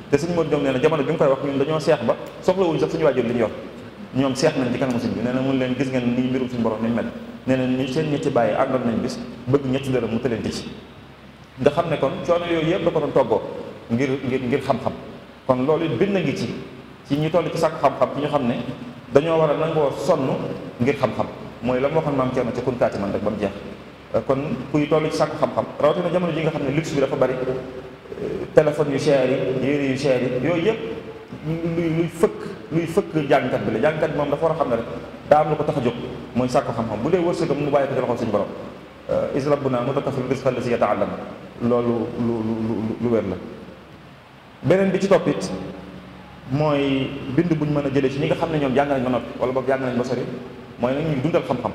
te sëñ Modou Diom nee na jamono bi mu koy wax ñun dañoo seex ba soxlawuñ sax suñu waajur li ñu yor ñoom seex nañ ci kanamu sëñ bi nee na mun leen gis ngeen nii mbirum suñu borom ni mel nee na ñu seen ñetti bàyyi àndoon nañ bis bëgg ñetti dërëm mu tëleen ci nga xam ne kon coono yooyu yëpp da ko doon toggoo ngir ngir ngir xam kon loolu it bind ngi ci ci ñu toll ci sàkk xam-xam ci ñu xam ne dañoo war a nangoo sonn ngir xam-xam mooy la moo xam maam Ceerno ci kuntaati man rek ba mu jeex kon kuy toll ci sàkk xam-xam rawatina jamono ji nga xam ne luxe bi dafa bari téléphone yu cher yi yére yu cher yi yooyu yëpp luy luy fëkk luy fëkk jàngkat bi la jàngkat bi moom dafa war a xam ne rek daa am lu ko tax a jóg mooy sàkko xam-xam bu dee wërsëgam mu bàyyi ko ci loxol suñu borom euh, is rabbuna mutakaffil rizqa allati yata'allam loolu lu lu lu wér la beneen bi ci toppit mooy bind buñ mën a jële ci ñi nga xam ne ñoom jàng nañ ba noppi wala boog jàng nañ ba sori mooy nag ñu dundal xam-xam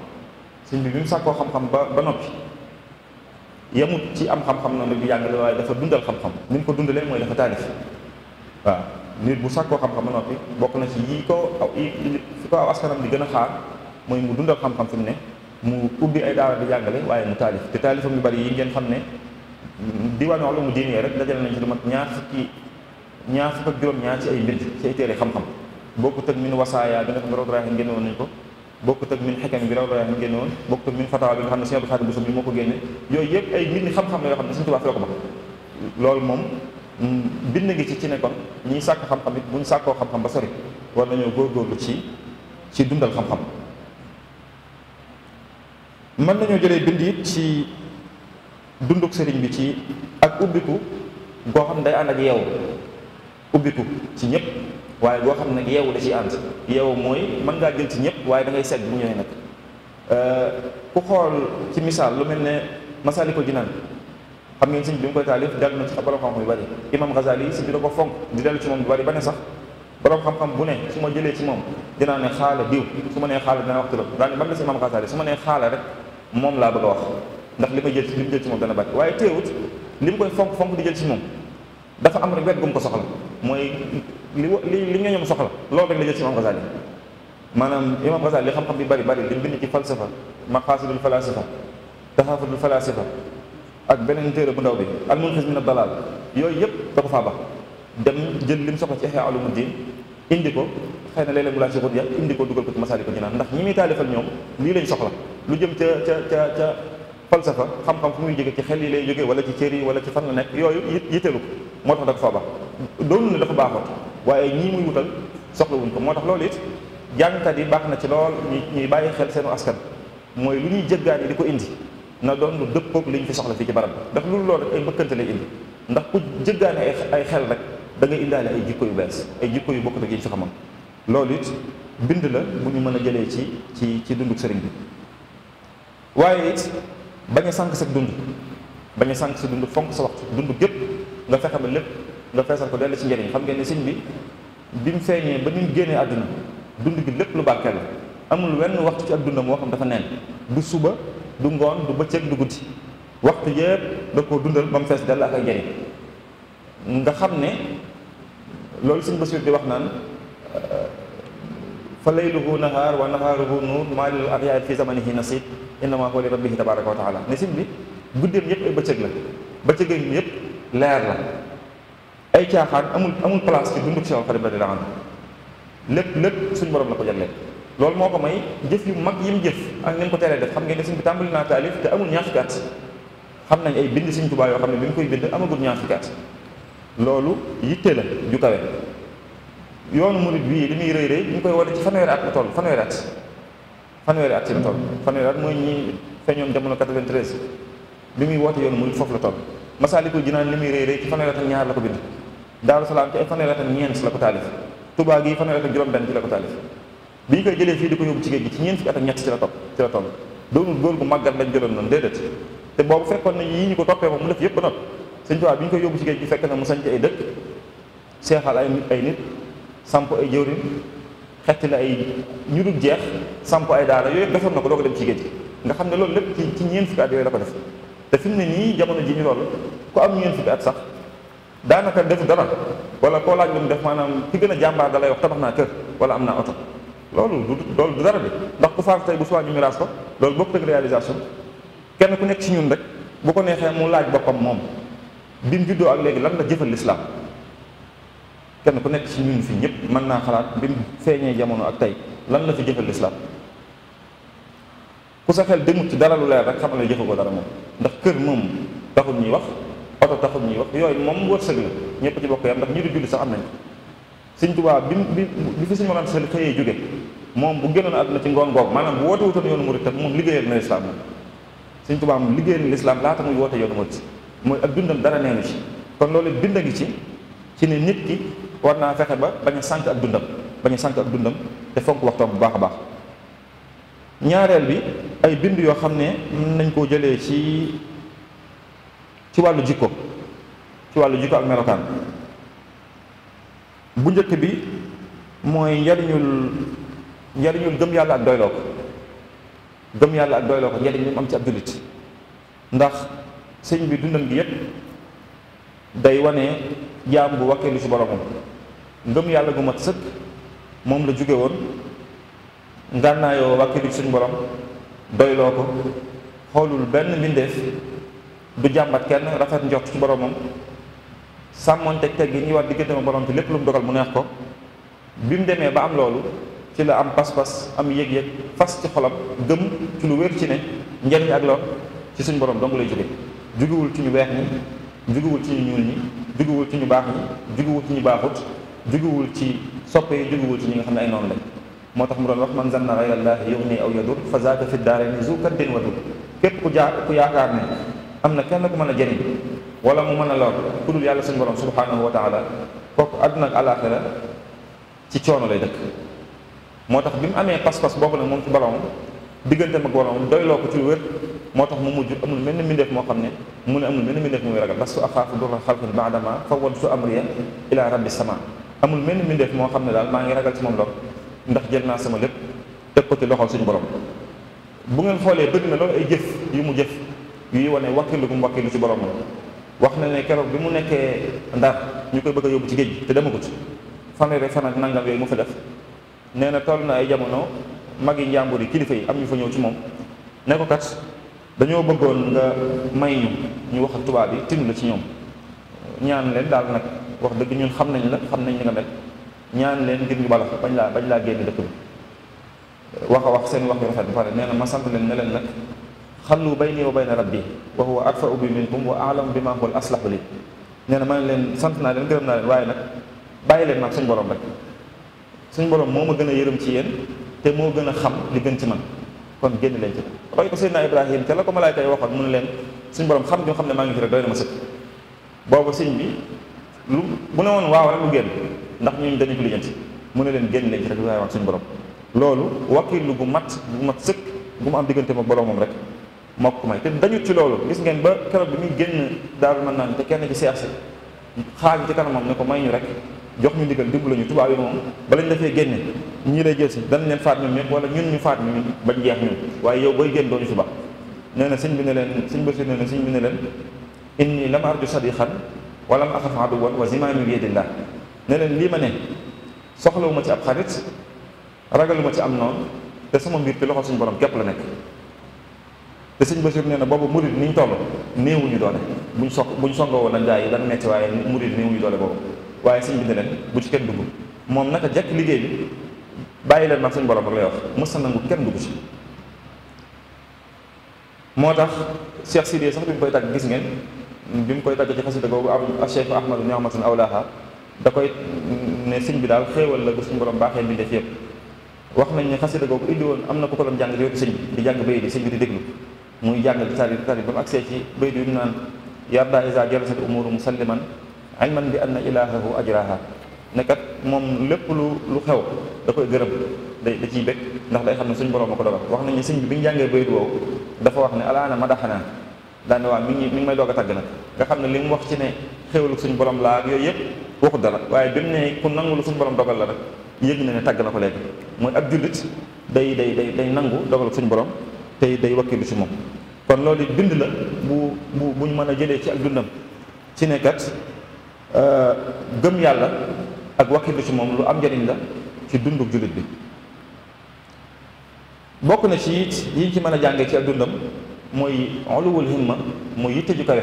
suñ bi bi mu sàkkoo xam-xam ba ba noppi yemut ci am xam-xam noonu bi jàngale waaye dafa dundal xam-xam ni mu ko dundalee mooy dafa taalif waaw nit bu sàkkoo xam-xam ba noppi bokk na ci yi ko aw fi ko aw askanam di gën a xaar mooy mu dundal xam-xam fi ne mu ubbi ay daara di jàngale waaye mu taalif te taalifam yu bari yi ngeen xam ne diwaanu wax la mu diinee rek dajale nañ ci mat ñaar fukki ñaar fukk ak juróom-ñaar ci ay mbir ci ay téere xam-xam bokkut ak min wasaaya bi nga xam ne rawd rayaxin génne nañ ko bokkut ak min xekam bi rawd rayaxin génne woon bokkut ak min fatawa bi nga xam ne Sëriñ Abdou Khadre ko génne yooyu yëpp ay mbir ni yoo xam ne Sëriñ Tuubaa fi la ba loolu moom bind ngi ci ci ne kon ñiy sàkk xam-xam it buñ sàkkoo xam-xam ba sori war nañoo góor góorgóorlu ci ci dundal xam-xam mën nañoo jëlee bind it ci dunduk sëriñ bi ci ak ubbiku goo xam ne day ànd ak yeewu ubbiku ci ñëpp waaye goo xam ne yeewu da ci ànd yeewu mooy mën ngaa jël ci ñëpp waaye da ngay segg bu ñëwee nag euh, ku xool ci misaal lu mel ne Masaalikul Jinaan xam ngeen sëñ bi mu koy taalif dellu na ci borom xam-xam yu bari imam Ghazali yi sëñ bi da ko fonk di dellu ci moom bari ba ne sax borom xam-xam bu ne su ma jëlee ci moom dinaa ne xaala diw su ma nee xaala dina waxtu la daal ba mu su ma nee xaala rek moom laa bëgg a wax ndax li jël li mu jël ci waaye teewut li mu koy fonk fonk di jël ci moom dafa am rek wet gu mu ko soxla mooy li li li ñooñom soxla loolu rek la jël ci imam Ghazali maanaam imam Ghazali li xam-xam bi bari bari li mu bind ci falsafa maqasidul falasifa taxafatul falasifa ak beneen téere bu ndaw bi almunqis min ad-dalal yooyu yëpp da ko faa bax dem jël li mu soxla ci Ihya Ulumuddin indi ko xëy na leen léeg mu laal si xut ya indi ko dugal ko ci Masaalikul Jinaan ndax ñi muy taalifal ñoom lii lañ soxla lu jëm ca ca ca ca falsafa xam-xam fu muy jóge ci xel yi lay jóge wala ci cër yi wala ci fan la nekk yooyu yitteelu ko moo tax da ko faa bax doonu ne dafa baaxoon waaye ñii muy wutal soxla wuñ ko moo tax loolu it jàngkat yi baax na ci lool ñuy bàyyi xel seenu askan mooy lu ñuy jëggaani di ko indi na doon lu dëppoog li ñu fi soxla fii ci barab ndax loolu lool rek ay mbëkkante lay indi ndax ku jëggaane ay ay xel rek da ngay indaale ay jikko yu bees ay jikko yu bokkut ak yi ñu fi xamoon loolu it bind la bu ñu mën a jëlee ci ci ci dunduk sëriñ bi waaye it bañ a sànq sa dund bañ a sànq sa dund fonk sa waxtu dund gépp nga fexe ba lépp nga feesal ko dellu ci njëriñ xam ngeen ne sëñ bi bi mu feeñee ba ni mu génnee àdduna dund gi lépp lu barkeel la amul wenn waxtu ci ak dundam moo xam dafa neen du suba du ngoon du bëccëg du guddi waxtu yëpp da koo dundal ba mu fees dell ak ay nga xam ne loolu suñ Basiir di wax naan fa layluhu nahaar wa nahaaruhu nuur maa lil agyaari fi zamanihi nasib innama huwa li rabbihi tabaraka wa taala ne sin bi guddeem yëpp ay bëccëg la bëccëgam yëpp leer la ay caaxaan amul amul place ci dundu si xarit radiyallaahu anhu lépp lépp suñ borom la ko jagleel loolu moo ko may jëf yu mag yi mu jëf ak ni ko teree def xam ngeen ne sëñ bi tàmbali naa taalif te amul ñaar at xam nañ ay bind sëñ Tuubaa yoo xam ne bi koy bind amagul ñaar fukki loolu yitte la ju kawe yoonu bii li muy rëy rëy ñu koy wone ci fanweeri at la toll fanweeri at fanweeri at ci mooy ñi feeñoon jamono 93 li muy woote yoonu murid la toll Masaalikul Jinaan muy rëy ñaar la ko bind Daaru Salaam ci ay fanweeri la ko taalif Tuubaa gi fanweeri at ak juróom-benn ci la ko taalif bi ñu koy jëlee fii di ko yóbbu ci géej gi ci ñeent fukki at ak ñett ci la topp ci la toll doonul góor gu màggat lañ jëloon noonu déedéet te boobu fekkoon na yii ñu ko toppee moom mu def yëpp ba not sëñ Tuubaa bi ñu koy yóbbu ci géej gi mu sañ ci ay dëkk seexal ay ay nit samp ay jëwrin xetti la ay ñu dul jeex samp ay daara yooyu defoon na ko doog ko dem ci géej gi nga xam ne loolu lépp ci ci ñeent fukki at yooyu dafa def te fi mu ne nii jamono ji ñu loolu ko am ñeent fukki at sax daanaka def dara wala koo laaj lu def maanaam ki gën a jàmbaar da lay naa kër wala am naa oto loolu du loolu du dara de ndax ku faatu tey bu suwaa ñu miraas ko loolu bokk rek kenn ku nekk ci ñun rek bu ko neexee mu laaj boppam moom bi mu ak léegi lan la jëfal lislaam kenn ku nekk ci ñun fi ñëpp mën naa xalaat bi mu feeñee jamono ak tey lan la fi jëfal lislaam ku sa xel demut ci dara lu leer rek xamal na jëfa ko dara moom ndax kër moom taxul ñuy wax oto taxul ñuy wax yooyu moom wërsëg la ñëpp ci bokk yam ndax ñu du julli sax am nañ sëñ Tuubaa bi bi bi fi sëñ Mor Anta Sali xëyee jóge moom bu génnoon àdduna ci ngoon googu maanaam bu woote wutoon yoonu murit tam moom liggéeyal na lislaam moom sëñ Tuubaa moom liggéeyal na lislaam laata muy woote yoonu murit mooy ak dundam dara neenu ci kon loolu bind a ngi ci ci ne nit ki war naa fexe ba bañ a sànq ak dundam bañ a sànq ak dundam te fonk waxtoom bu baax a baax ñaareel bi ay bind yoo xam ne mën nañ koo jëlee ci ci wàllu jikko ci wàllu jikko melokaan bu njëkk bi mooy njariñul njariñul gëm yàlla ak doyloo ko gëm yàlla ak doyloo ko njariñ li mu am ci ab jullit ndax sëñ bi dundam gi yépp day wane jaam bu wakkeelu si boromam ngëm yàlla gu mat sëkk moom la jóge woon ngànnaayoo wakkeelu ci suñ borom doyloo ko xoolul benn mbindeef du jàmbat kenn rafet njort ci boromam sàmmoonteeg teg gi ñuy war diggante ma borom te lépp lu mu dogal mu neex ko bi mu demee ba am loolu ci la am pas-pas am yëg-yëg fas ci xolam gëm ci lu wér ci ne njariñ ak lor ci suñu borom dong lay jóge juguwul ci ñu weex ñi juguwul ci ñu ñuul ñi juguwul ci ñu baax ñi juguwul ci ñu baaxut juguwul ci soppe yi juguwul ci ñi nga xam ne ay noonu lañ moo tax mu doon wax man zanna gayra llaahi yugni aw yadur fa zaaka fi daarayni zu kaddin képp ku jaa ku yaakaar ne am na kenn ku mën a jëriñ wala mu mën a lor ku dul yàlla suñu borom subhaanahu wa taala kooku àdduna ak alaaxira ci coono lay dëkk moo tax bi mu amee pas-pas boobu nag moom ci boromam digganteem ak boromam doyloo ko ci lu moo tax mu mujj amul benn mbindeef moo xam ne mu ne benn mbindeef mu muy ragal bastu axaafu durra xalqin baadama fawwadtu amriya ila rabbi sama moo xam ne daal maa ngi ragal moom lor ndax jël naa sama lépp teg ko ci loxol suñu bu ngeen xoolee bëgg ay jëf yu mu jëf yuy wane wakkilu gu mu wakkilu ci boromam wax na ne keroog bi mu nekkee ndar ñu koy bëgg yóbbu ci géej gi te demagut fanweeri fan ak nangam yooyu mu fi def nee na toll na ay jamono mag yi njàmbur yi kilifa yi am ñu fa ñëw ci moom ne ko dañoo bëggoon nga may ñu ñu wax tubaab yi tinu la ci ñoom ñaan leen daal nag wax dëgg ñun xam nañ la xam nañ ni nga mel ñaan leen ngir ñu bala bañ laa bañ laa génn dëkk bi wax a wax seen wax yu rafet ba pare nee ma sant leen ne leen nag xallu na wa bayna rabbi wa huwa arfau bi minkum wa aalamu bi ma huwa aslahu li nee na ma ne leen sant naa leen gërëm naa leen waaye nag bàyyi leen maag suñ borom suñ borom moo ma gën a yërëm ci yéen te moo gën a xam li gën ci man kon génn leen ci roy ko Seydina Ibrahima te la ko malaayka yi waxoon mu ne leen suñ borom xam ñoo xam ne maa ngi fi rek doy na ma sëkk boobu sëñ bi lu mu ne woon waaw rek génn ndax ñun dañu ko lijjanti mu ne leen génn leen ci rek waaye suñ borom loolu wakiilu gu mat gu mat sëkk gu mu am diggante ma boromam rek moo ko may te dañu ci loolu gis ngeen ba keroog bi muy génn daaru mën naan te kenn ci seex si xaar ci kanamam ne ko may ñu rek jox ñu ndigal dimb lañu tubaab yi moom bala ñu defee génne ñii lay jël si leen faat ñoom ñëpp wala ñun ñu faat ñu bañ jeex ñun waaye yow booy génn dooñu fi baax nee na sëñ bi ne leen sëñ Basiru ne na sëñ bi ne leen inni lam arju sadiqan wala ma axaf aduwan wa zimaami bi yadillah ne leen lii ma ne soxlawu ma ci ab xarit ragaluma ci am noonu te sama mbir ci loxo suñu borom képp la nekk te sëñ Bachir nee na boobu murid niñ toll néewuñu doole buñ so buñ songoo woon ak gaa yi dana metti waaye murid néewuñu doole boobu waaye sëñ bi ne leen bu ci kenn dugg moom naka jekk liggéey bi bàyyi leen mag suñ borom rek lay wax mësa nangu kenn dugg ci moo tax Cheikh Sidé sax bi mu koy tàgg gis ngeen bi mu koy tàgg ci xasida googu am Cheikh Ahmadou ni'matan awlaha da koy ne sëñ bi daal xéewal la gu suñ borom baaxee mbindeef yëpp wax nañu ne xasida googu indi woon am na ko ko doon jàng ci wetu sëñ bi di jàng bay di sëñ bi di déglu muy jàngal ci tari tari ba mu agsee ci bay du mu naan yarda isa jalasat umuru musalliman ilman bi anna ilahahu ajraha nekkat moom lépp lu lu xew da koy gërëm da da ciy bëgg ndax day xam ne suñ borom a ko dogal wax nañu sëñ bi bi ñu jàngee baydu woowu dafa wax ne alaana madaxanaa daane waa mi ngi mi ngi may doog a tàgg nag nga xam ne li mu wax ci ne xéwlu suñ borom laa yooyu yëpp waxu dara waaye bi mu ne ku nangu lu suñ borom dogal la rek yëg na ne tàgg na ko léegi mooy ab jullit day day day day nangu dogal suñ borom tey day wakkilu ci moom kon loolu it bind la bu bu bu mën a jëlee ci ak dundam ci ne euh, gëm yàlla ak wakkilu ci moom lu am njariñ la ci dundu jullit bi bokk na ci it yiñ ci mën a jàngee ci dundam mooy uluwul himma mooy yitte ju kawe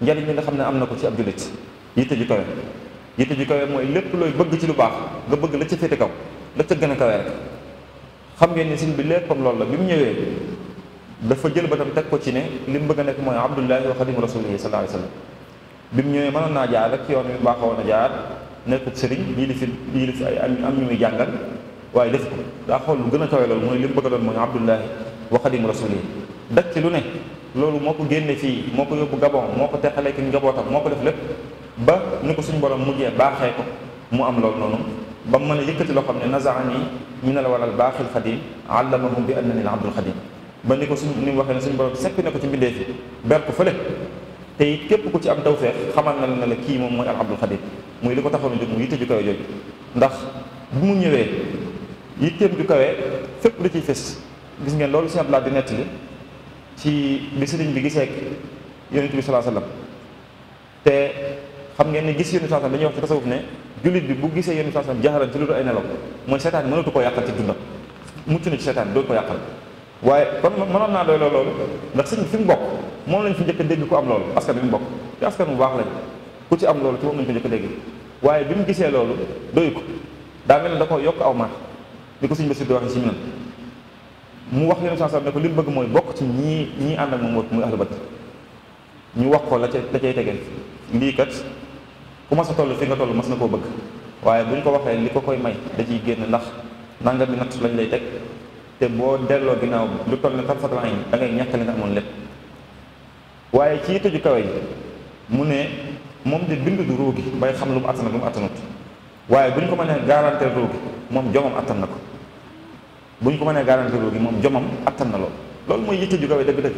njariñ nga xam ne am na ko ci ab jullit yitte ju kawe yitte ju kawe mooy lépp looy bëgg ci lu baax nga bëgg la ca féete kaw la ca gën a kawe rek xam ngeen ne sin bi léppam loolu la bi mu ñëwee dafa jël ba tam teg ko ci ne li mu bëgg a nekk mooy abdullahi wa xadimu rasulihi sallallahu alayhi wa sallam bi mu ñëwee mënoon naa jaar rek yoon wi baaxoon a jaar nekkub sëriñ lii di fi lii di fi ay am ñu muy jàngal waaye def ko daa xool lu gën a kawe loolu mooy li mu bëgg a doon mooy abdullahi wa xadimu rasulihi dak ci lu ne loolu moo ko génne fii moo ko yóbbu Gabon moo ko te teqalee ki njabootam moo ko def lépp ba ni ko suñu borom mujjee baaxee ko mu am loolu noonu ba mu mën a yëkkati loo xam ne nazaani minal walal baaxil xadim allamahum bi annani al abdul xadim ba ni ko suñ ni mu waxee ne suñu borom seppi na ko ci mbindee fi ber ko fële te it képp ku ci am tawfeex xamal na la ne la kii moom mooy al abdul xadim muy li ko taxoon a jóg mu yitte ju kawe jooju ndax bu mu ñëwee yitteem ju kawe fépp lu ciy fés gis ngeen loolu Sëñ Abdul Ahad di nettali ci bi sëriñ bi gisee ak yonent bi salaa sallam xam ngeen ne gis yéen sansam dañuy wax ci tasawuf ne jullit bi bu gisee yéen sansam jaxaran ci lu dul ay nelaw mooy seetaan mënatu ko yàqal ci dundam mucc na ci seetaan dootu ko yàqal waaye kon mënoon mu moom lañ fi njëkk dégg ku am loolu askan bi mu bokk te askan bu baax lañ ku am loolu ci moom lañ waaye bi mu gisee loolu doy ko daa mel ne da yokk aw maax li ko sëñ Basiru di waxee mu wax yéen sansam ne ko li mu bëgg mooy bokk ci ñii ñii ànd ak moom muy ahlu ñu wax ko la ca la cay tegee lii kat ku mas a toll fi nga toll mas na koo bëgg waaye buñ ko waxee li ko koy may da ciy génn ndax nanga bi natt lañ lay teg te boo delloo ginnaaw lu toll ne tarfatal ayn da ngay ñàkk li nga amoon lépp waaye ci tëju kawe yi mu ne moom di bind du ruugi bay xam lu mu attan lu mu attanut waaye buñ ko mënee garantir ruugi moom jomam attan na ko buñ ko mënee garantir ruugi moom jomam attan na loolu loolu mooy yitte ju kawe dëgg-dëgg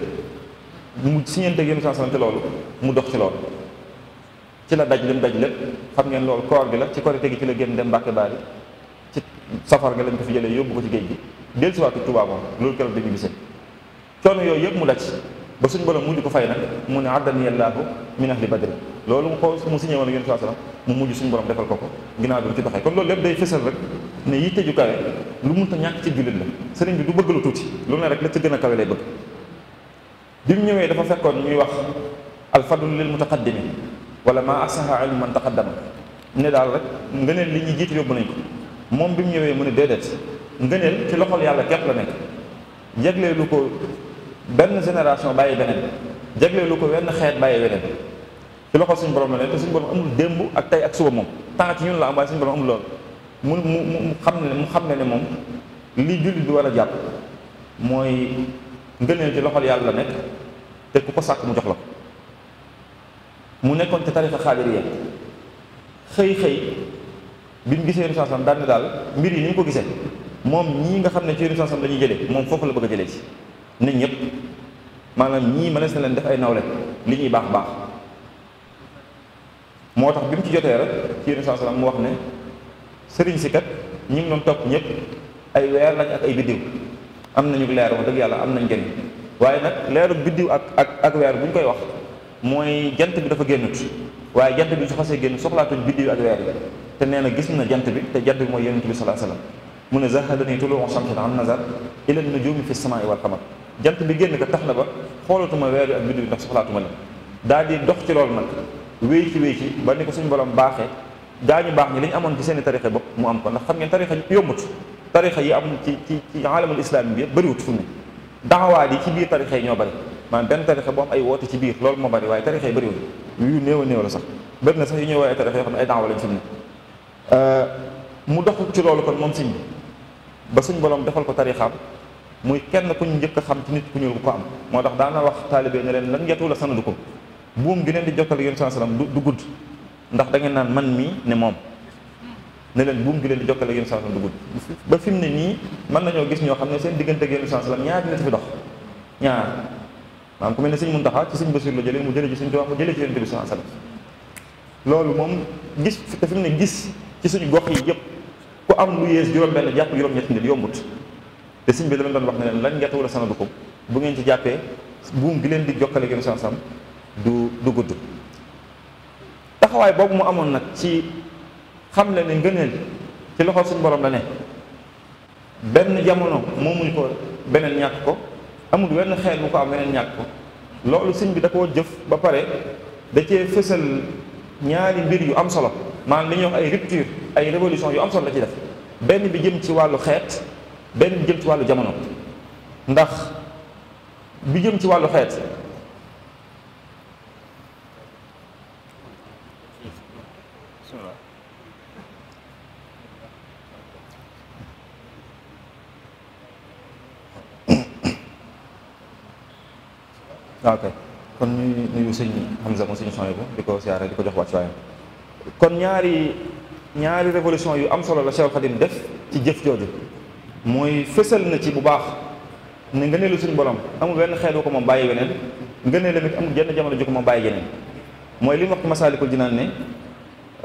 mu si ñeen dëgg yéen sallam loolu mu dox ci loolu ci la daj lim daj lépp xam ngeen loolu koor gi la ci korite gi ci la génn dem Mbàkke Baari ci safar ga lañ ko fi jëlee yóbbu ko ci géej gi del si waatu Tuubaa moom loolu keroog dañu gisee coono yooyu yëpp mu daj ba suñ mu mujj ko fay nag mu ne addani allaahu min ahli badri loolu ko mu signé woon yén saa sallam mu mujj suñu borom defal ko ko ginnaaw bi mu ci doxee kon loolu lépp day fësal rek ne yitte ju kawe lu mënta ñàkk ci bi du bëgg lu tuuti lu rek la gën a kawe lay bëgg bi mu ñëwee dafa fekkoon ñuy wax alfadlu lil mutaqaddimin wala maa asaha ilmu man taqaddama ne daal rek ngëneel li ñu jiitu yóbbu nañ ko moom bi mu ñëwee mu ne déedéet ngëneel ci loxol yàlla képp la nekk jagleelu ko benn génération bàyyi beneen jagleelu ko wenn xeet bàyyi weneen ci loxol suñu borom la nekk te suñu borom amul démb ak tey ak suba moom temps ci ñun la am waaye suñu borom amul lool mu mu mu xam ne mu xam ne ne moom li jullit bi war a jàpp mooy ngëneel ci loxol yàlla la nekk te ku ko sàkk mu jox la mu nekkoon ca tarixa xaadiriya xëy xëy bi mu gisee Yonent sallam daal ne daal mbir yi ni mu ko gisee moom ñii nga xam ne ci Yonent sallam la ñuy jëlee moom foofu la bëgg a jëlee ci nit ñëpp maanaam ñii mënees na leen def ay nawle li ñuy baax baax moo tax bi mu ci jotee rek ci Yonent sallam mu wax ne sëriñ si kat ñi mu doon topp ñëpp ay weer lañ ak ay biddiw am nañu leer wax dëgg yàlla am nañ njëriñ waaye nag leeru biddiw ak ak ak weer bu ñu koy wax mooy jant bi dafa génnut waaye jant bi su xasee génn soxlaatuñ biddiw ak weer yi te nee na gis na jant bi te jant bi mooy yonent bi salaa salaam mu ne zahadani tuluu shamsin an nazar ila nujumi fi samaai wal qamar jant bi génn ko tax na ba xoolatuma weer bi ak biddiw bi ndax soxlaatuma daal di dox ci loolu nag wéy ci wéy ci ba ni ko suñu borom baaxee daañu baax ñi li ñu amoon ci seeni tarixa bopp mu am ko ndax xam ngeen tarixa yombut tarixa yi am ci ci ci alamul islam bi yëpp bëriwut fu mu daxawaat yi ci biir tarixa yi ñoo bëri maanaam benn tarixa bu am ay woote ci biir loolu moo bari waaye tarixa yi bëriwul yu néew a néew la sax bëri na sax yi ñuy woowee tarixa yoo xam ne ay daaw lañ fi mu euh, mu dox ci loolu kon moom siñ ba suñ borom defal ko tarixaam muy kenn ku njëkk xam ci nit ku ñuul am moo tax daana wax taalibe ne leen lan yetu la ko buum gi leen di jokkal yéen saa salaam du gudd ndax da naan man mii ne moom ne leen buum gi leen di jokkale yéen saa salaam du gudd ba fi mu ne nii mën nañoo gis ñoo xam ne seen diggante ak yéen saa salaam ñaari nit fi dox ñaar maanaam ku mel ne sëñ Muntaxa ci sëñ Basiir la jëlee mu jëlee ci sëñ Tuubaa mu jëlee ci Yonent bi sallallahu loolu moom gis te fi mu ne gis ci suñu gox yi yëpp ku am lu yées juróom-benn jàpp juróom-ñetti nit yombut te sëñ bi la leen doon wax ne leen lan ngeetawula ko bu ngeen ci jàppee buum gi leen di jokkale Yonent bi sallallahu alayhi du du gudd taxawaay boobu mu amoon nag ci xam le ne ngëneel ci loxo suñu borom la ne benn jamono moomuñ ko beneen ñàkk ko amul wenn xeet bu ko am weneen ñàkk ko loolu sëñ bi da koo jëf ba pare da cee fësal ñaari mbir yu am solo maanaam li ñuy ay rupture ay révolution yu am solo la ci def benn bi jëm ci wàllu xeet benn bi jëm ci wàllu jamono ndax bi jëm ci wàllu xeet Ah, ok kon ñuy nuyu sëñ Hamza moom sëñ Sonia di ko siyaare di ko jox wàccuwaayam kon ñaari ñaari révolution yu am solo la Cheikh Khadim def ci jëf jooju mooy fësal na ci bu baax ne ngëneelu suñu borom amul benn xeetu ko moom bàyyi weneen ngëneelam it amul jenn jamono ju ko moom bàyyi yeneen mooy li mu wax ci Masaalikul Jinaan ne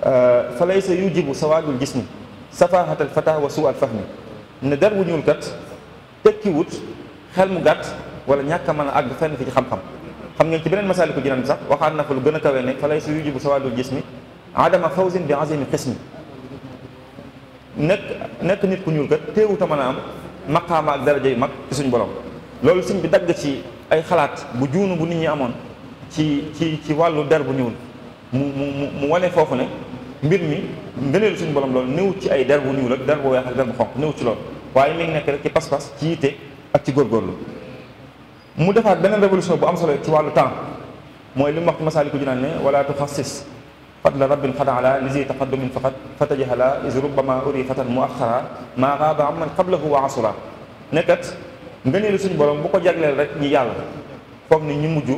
euh, fa laysa yujibu sawaadul jismi safaahatal fataa wa suu al fahmi ne dar bu ñuul kat tekki wut xel mu gàtt wala ñàkk a mën a àgg fenn fi ci xam-xam xam ngeen ci beneen masaliku jinaan bi sax waxaat na fa lu gën a kawee ne fa lay su yujibu sawadul jismi adama fawzin bi azimi xismi nekk nekk nit ku ñuul kat téewut a man a am maqaama ak daraja yu mag ci suñ borom loolu sëñ bi dagg ci ay xalaat bu juunu bu nit ñi amoon ci ci ci wàllu der bu ñuul mu mu mu wane foofu ne mbir mi ngëneelu suñ borom loolu néew ci ay der bu ñuul ak der bu weex ak der bu xonq ci loolu waaye mi ngi nekk rek ci pas ci yitte ak ci mu defaat beneen révolution bu am solo ci wàllu temps mooy li mu wax masaaliku jinaan ne wala tuxassis fadla rabbin xad ala lisi taqaddumin faqat fatajahala is rubbama uri fatan mu axara maa xaaba amman qablahu wa asura nekkat nga nee lu suñu borom bu ko jagleel rek ñi yàlla foog ni ñi mujj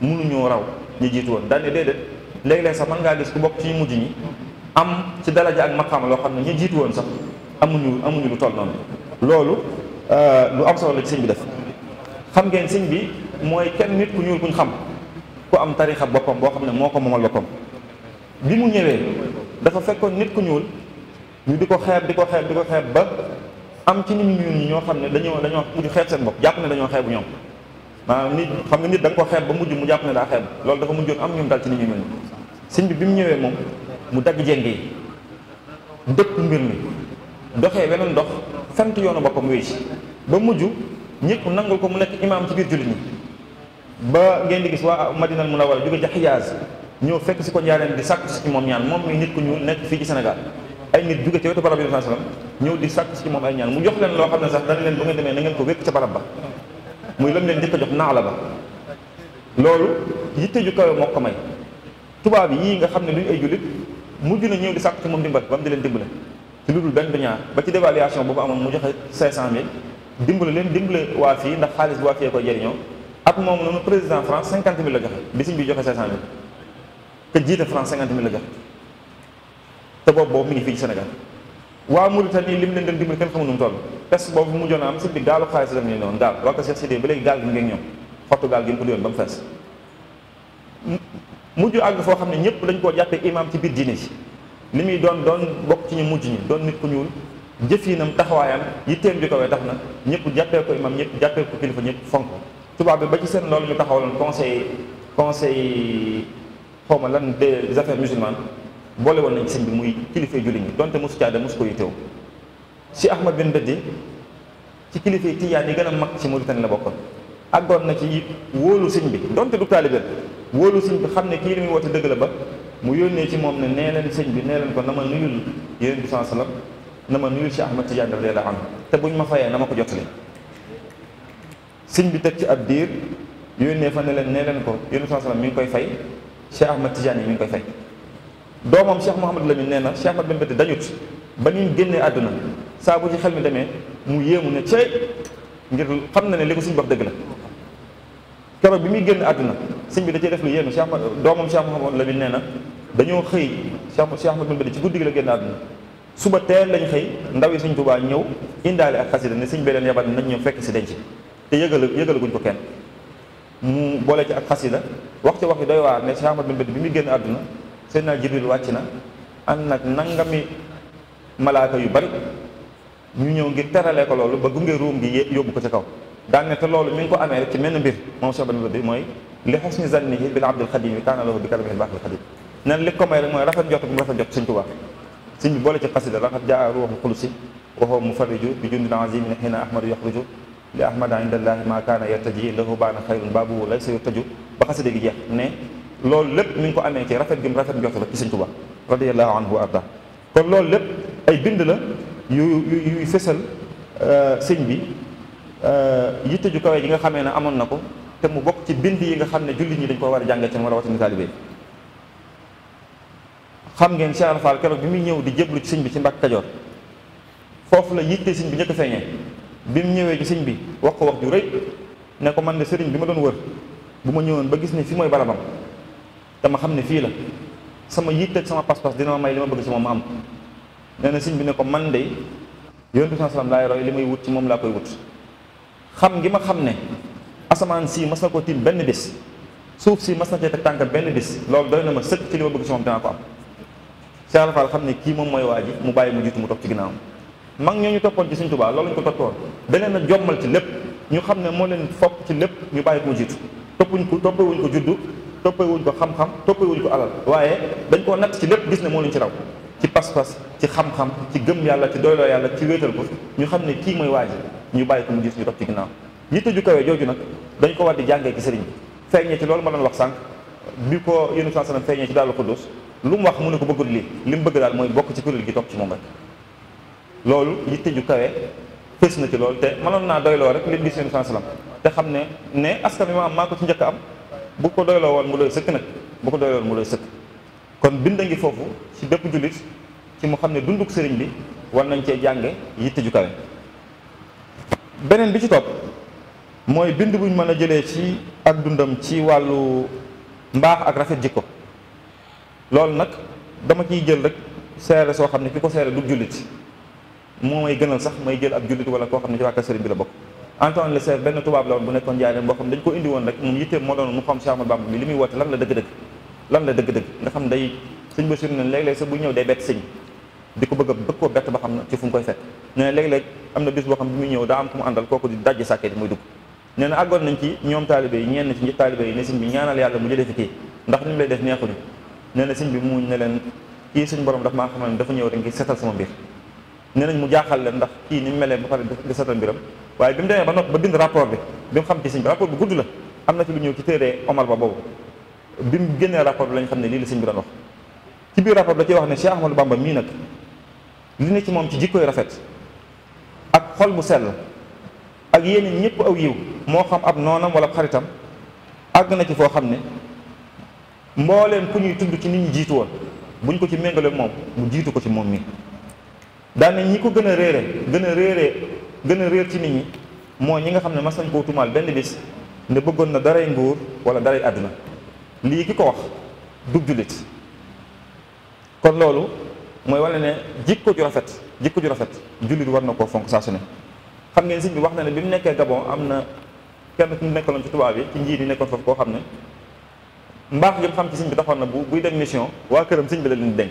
mënuñoo raw ñi jiitu woon daane déedéet léeg-léeg sax mën ngaa gis ku bokk ci mujj ñi am ci daraja ak maqaama loo xam ne ñi jiitu woon sax amuñu amuñu lu toll noonu loolu euh, lu am solo la ci bi def xam ngeen sëñ bi mooy kenn nit ku ñuul kuñ xam ku am tarixa boppam boo xam ne moo ko moomal boppam bi mu ñëwee dafa fekkoon nit ku ñuul ñu di ko xeeb di ko xeeb di ko ba am ci nit ñuul ñi ñoo xam ne dañoo dañoo mujj xeeb seen bopp jàpp ne dañoo xeebu ñoom maanaam nit xam nga nit da nga ko xeeb ba mujj mu jàpp ne daa xeeb loolu dafa mujjoon am ñoom dal ci nit ñu mel ni sëñ bi bi mu ñëwee moom mu dagg jéng yi dëkk mbir mi doxee weneen dox fent yoonu boppam wéy ci ba mujj ñëpp nangul ko mu nekk imaam ci biir jullit ñi ba ngeen di gis waa Madinal Munawwara jóge ca Xijaas ñëw fekk si ko njaareen di sàkku si moom ñaan moom mi nit ku ñu nekk fii ci Sénégal ay nit jóge ca wetu barab yi si moom ay ñaan mu jox leen loo xam ne sax dana leen bu ngeen demee na ngeen ko wékk ca barab ba a loolu yi ju kawe moo ko may tubaab yii nga xam ne duñ ay jullit mujj na ñëw di sàkku ci moom dimbal ba mu di leen dimbale ci lu dul benn ñaar ba ci dévaluation boobu amoon mu joxe 500000 dimbale leen dimbale waa fii ndax xaalis bi waa fii koy jëriñoo at moom noonu président France cinquante mille la joxe bi siñ bi joxe cinq cent mille te jiite France cinquante mille la joxe te boobu boobu mi ngi fii ci Sénégal waa li lim leen doon dimbale kenn xamu nu mu toll pes boobu mu joon am si bi gaalu xaalis def ne noonu gaal waa ko Cheikh Sidé ba léegi gaal gi ngeen ñoom xottu gi mu ko yoon ba mu fees mujj àgg foo xam ne ñëpp lañ koo jàppee imam ci biir diine si muy doon doon bokk ci ñu mujj ñi doon nit ku ñuul yii jëfinam taxawaayam yitteem ju kawee tax na ñëpp jàppee ko imam ñëpp jàppee ko kilifa ñëpp fonk tubaab bi ba ci seen loolu ñu taxawaloon conseil conseil xawma lan des affaires musulmanes boole woon nañ sëñ bi muy kilifay jullit ñi donte mosu caada mosu ko yittew si Ahmad bin Badji ci kilifay tijaan yi gën a mag ci Mauritanie la ak àggoon na ci wóolu sëñ bi donte du taalibe wóolu sëñ bi xam ne kii li muy woote dëgg la ba mu yónnee ci moom ne nee leen sëñ bi nee leen ko na ma nuyul yéen bi na ma nuyul Cheikh Ahmad Tidiane radiyallahu anhu te buñ ma fayee na ma ko jottali sëñ bi teg ci ab diir yónnee fa ne leen ne leen ko yónni saa salaam mi ngi koy fay Cheikh Ahmad Tidiane mi ngi koy fay. doomam Cheikh Mouhamadou Lamine nee na Cheikh Ahmad Bamba Diagne dañut ba ni mu génnee àdduna saabu ci xel mi demee mu yéemu ne cey ngir xam na ne li ko suñu bopp dëgg la. keroog bi muy génn àdduna sëñ bi da cee def lu yéeme Cheikh doomam Cheikh la Lamine nee na dañoo xëy Cheikh Cheikh Ahmad Bamba Diagne ci guddi la génn àdduna. suba teel lañ xëy ndawi yi sëñ Tuubaa ñëw indaale ak xasida ne sëñ bi leen yabal nañ ñëw fekk si denc te yëgal yëgalaguñ ko kenn mu boole ci ak xasida wax ci wax yi doy waar ne Cheikh Ahmad bin bi muy génn àdduna seen naa Jibril wàcc na ànd nag nangami malaaka yu bari ñu ñëw ngir teralee ko loolu ba gunge ruum gi yóbbu ko ci kaw daan ne te loolu mi ngi ko amee rek ci menn mbir moom Cheikh Ahmad bin Badi mooy li xusni zannihi bil abdil xadim yi kaana lahu bi karamihil baaxil xadim nan ko mooy rafet jot bu rafet jot sëñ Tuubaa sëñ bi boole ci xasida laqad jaa ruuxul xulusi waxoo mufarriju bi jundin azimin xiina ahmadu yaxruju li ahmada indallahi ma kaana yartaji lahu baana xayrun baabu laysa yartaju ba xasida gi jeex ne loolu lépp mi ngi ko amee ci rafet gi mu rafet njort la ci sëñ Tuubaa radiallahu anhu wa arda kon loolu lépp ay bind la yu yuy fësal euh, sëñ bi euh, yitte ju kawe ji nga xamee ne amoon na ko te mu bokk ci bind yi nga xam ne jullit ñi dañ ko war a jànge ci mu xam ngeen Cheikh Ibra Fall keroog bi muy ñëw di jéblu ci sëñ bi ci Mbàkke Kajoor foofu la yitte sëñ bi njëkk a feeñee bi mu ñëwee ci sëñ bi wax ko wax ju rëy ne ko man de sëriñ bi ma doon wër bu ma ñëwoon ba gis ne fi mooy barabam dama xam ne fii la sama yitte ak sama pas-pas dina ma may li ma bëgg ci moom ma am nee na sëñ bi ne ko man de yonent bi salaam laay roy li may wut ci moom laa koy wut xam ngi ma xam ne asamaan si mas na ko tiim benn bis suuf si mas na cee teg tànk benn bis loolu doy na ma sëkk ci am Cheikh Fall xam ne kii moom mooy waa mu bàyyi mu jiitu mu topp ci ginnaawam mag ñoo ñu toppoon ci Sëñ Tuubaa loolu ñu ko toppoon daleen na jommal ci lépp ñu xam ne moo leen fopp ci lépp ñu bàyyi ko mu jiitu toppuñ ko toppee wuñ ko juddu toppee wuñ ko xam-xam toppee wuñ ko alal waaye dañ koo natt ci lépp gis ne moo leen ci raw ci pas-pas ci xam-xam ci gëm yàlla ci doyloo yàlla ci wéetal ko ñu xam ne kii mooy waa ñu bàyyi ko mu jiitu ñu topp ci ginnaaw yitte jooju nag dañ ko war di jàngee ci sëriñ bi ci loolu ma doon wax sànq bi ko yéen sallam feeñee ci Daaru Xudoos lu mu wax mu ne ko bëggul lii li mu bëgg daal mooy bokk ci kuréel gi topp ci moom rek loolu yitte ju kawe fës na ci loolu te mënoon naa doyloo rek li di seen salaam te xam ne ne askan wi ma am maa ko ci njëkk am bu ko doyloo woon mu doy sëkk nag bu ko doyloo woon mu doy sëkk kon bind a ngi foofu ci bépp jullit ci mu xam ne dunduk sëriñ bi war nañ cee jànge yitte ju kawe beneen bi ci topp mooy bind buñ mën a jëlee ci ak dundam ci wàllu mbaax ak rafet jikko loolu nag dama ciy jël rek seere soo xam ne ki ko seere du jullit moo may gënal sax may jël ab jullit wala koo xam ne ci waa kër sëriñ bi la bokk Antoine Lefebvre benn tubaab la woon bu nekkoon Njaaréem boo xam ne dañ ko indi woon rek moom yitteem moo doon mu xam Cheikh Ahmadou Bamba bi li muy woote lan la dëgg-dëgg lan la dëgg-dëgg nga xam day sëñ ba suri ne léeg-léeg sax bu ñëw ko bëgg a bëgg ñëw daa am ku mu àndal kooku di dajj sàkkee di muy dugg nee na àggoon nañ ci ñoom taalibe yi ñenn ci taalibe yi ne sëñ bi ñaanal yàlla mu jëlee fi ndax ni mu nee na sëñ bi muuñ ne leen kii suñ borom daf maa xam ne dafa ñëw rek ngir setal sama mbir nee nañ mu jaaxal leen ndax kii ni mu melee ba pare di setal mbiram waaye bi mu demee ba noppi ba bind rapport bi bi mu xam ci siñ bi rapport bu gudd la am na fi lu ñëw ci téere Omar ba boobu bi mu génnee rapport bi lañ xam ne lii la siñ bi doon wax ci biir rapport da ciy wax ne Cheikh lu Bamba mii nag li ne ci moom ci jikkoy rafet ak xol bu sell ak yeneen ñëpp aw yiw moo xam ab noonam wala xaritam àgg na ci foo xam ne mbooleem ku ñuy tudd ci nit ñi jiitu woon bu buñ ko ci méngale moom mu jiitu ko ci moom mi daane ñi ko gën a réere gën a réere gën a réer ci nit ñi mooy ñi nga xam ne mas nañ koo tumaal benn bis ne bëggoon na daray nguur wala daray àddina lii ki ko wax dub julit kon loolu mooy wane ne jikko ju rafet jikko ju rafet jullit war na koo fonk saa su ne xam ngeen sëñ bi wax na ne bi mu nekkee Gabon am na kenn ku nekkaloon ci tubaab yi ci njiit yi nekkoon koo xam ne mbaax gi xam ci siñ bi taxoon na bu buy dem mission waa këram sëñ bi la leen di dénk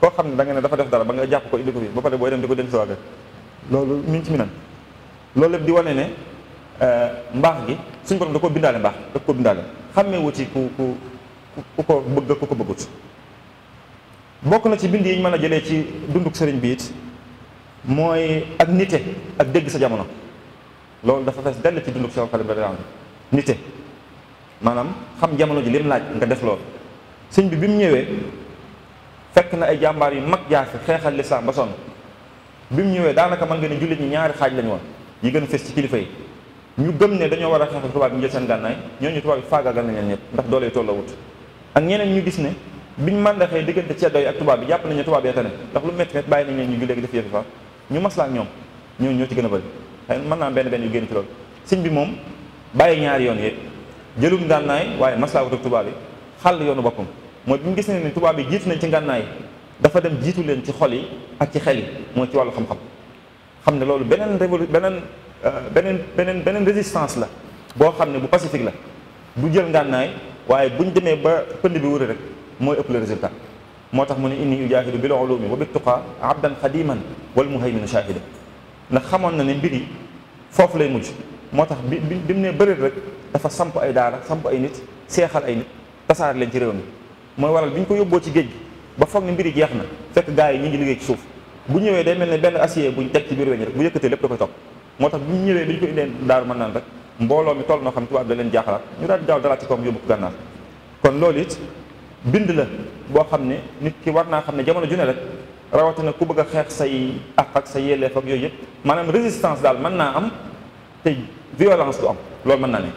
koo xam ne da nga ne dafa def dara ba nga jàpp ko indi ko fi ba pare boo dem di ko dénk si waa loolu mu ngi ci mi nan loolu lépp di wane ne euh, mbaax gi suñ borom da koo bindaale mbaax da koo bindaale xammee wuti ku ku ku ko bëgg ku ko bëggut bokk na ci bind yi mën a jëlee ci dunduk sëriñ biit it mooy ak nite ak dégg sa jamono loolu dafa fees dell ci dunduk Cheikh Khadim maanaam xam jamono ji lim laaj nga def lool sëñ bi bi mu ñëwee fekk na ay jàmbaar yu mag jaar fi xeexal lislaam ba sonn bi mu ñëwee daanaka man nga ne jullit ñi ñaari xaaj lañ woon yi gën fës ci kilifa yi ñu gëm ne dañoo war a xeexal tubaab yi njël seen gànnaay ñooñu tubaab yi faagaagal na leen ñëpp ndax doole tolla wut ak ñeneen ñu gis ne biñ màndaxee diggante ceddo yi ak tubaab bi jàpp nañ ne tubaab yi tane ndax lu métti métti bàyyi nañ leen ñu jullee gi def ñu maslaa ñoom ñooñu ñoo ci gën a mën naa benn benn yu génn ci bi moom bàyyi ñaari yoon yëpp jëlum ngànnaay waaye maslaawut ak tubaab yi xàll yoonu boppam mooy bi mu gis ne ni tubaab yi jiitu nañ ci ngànnaay dafa dem jiitu leen ci xol yi ak ci xel yi mooy ci wàllu xam-xam xam ne loolu beneen révolu beneen euh, beneen beneen beneen résistance la boo xam ne bu pacifique la bu jël ngànnaay waaye buñ demee ba pënd bi wuri rek mooy ëpp le résultat moo tax mu ne inni ujaahidu bil ulumi wa bit tuqa abdan xadiman wal muhayminu shahida ndax xamoon na ne mbir yi foofu lay mujj moo tax bi bi mu ne bërit dafa samp ay daara samp ay nit seexal ay nit tasaare leen ci réew mi mooy waral bi ñu ko yóbboo ci géej gi ba foog ne mbiri jeex na fekk gars yi ñu ngi liggéey ci suuf bu ñëwee day mel ne benn acier buñ teg ci biir weñ rek bu yëkkatee lépp da koy topp moo tax bu ñu ñëwee dañ ko indee daaru mën naan rek mbooloo mi toll noo xam tubaab da leen jaaxalaat ñu daal di daaw dalaat ci koom yóbbu ko gànnaar kon loolu it bind la boo xam ne nit ki war naa xam ne jamono ju ne rek rawatina bëgg a xeex say àq ak sa yelleef ak yooyu maanaam résistance daal mën naa am te violence du am naa ne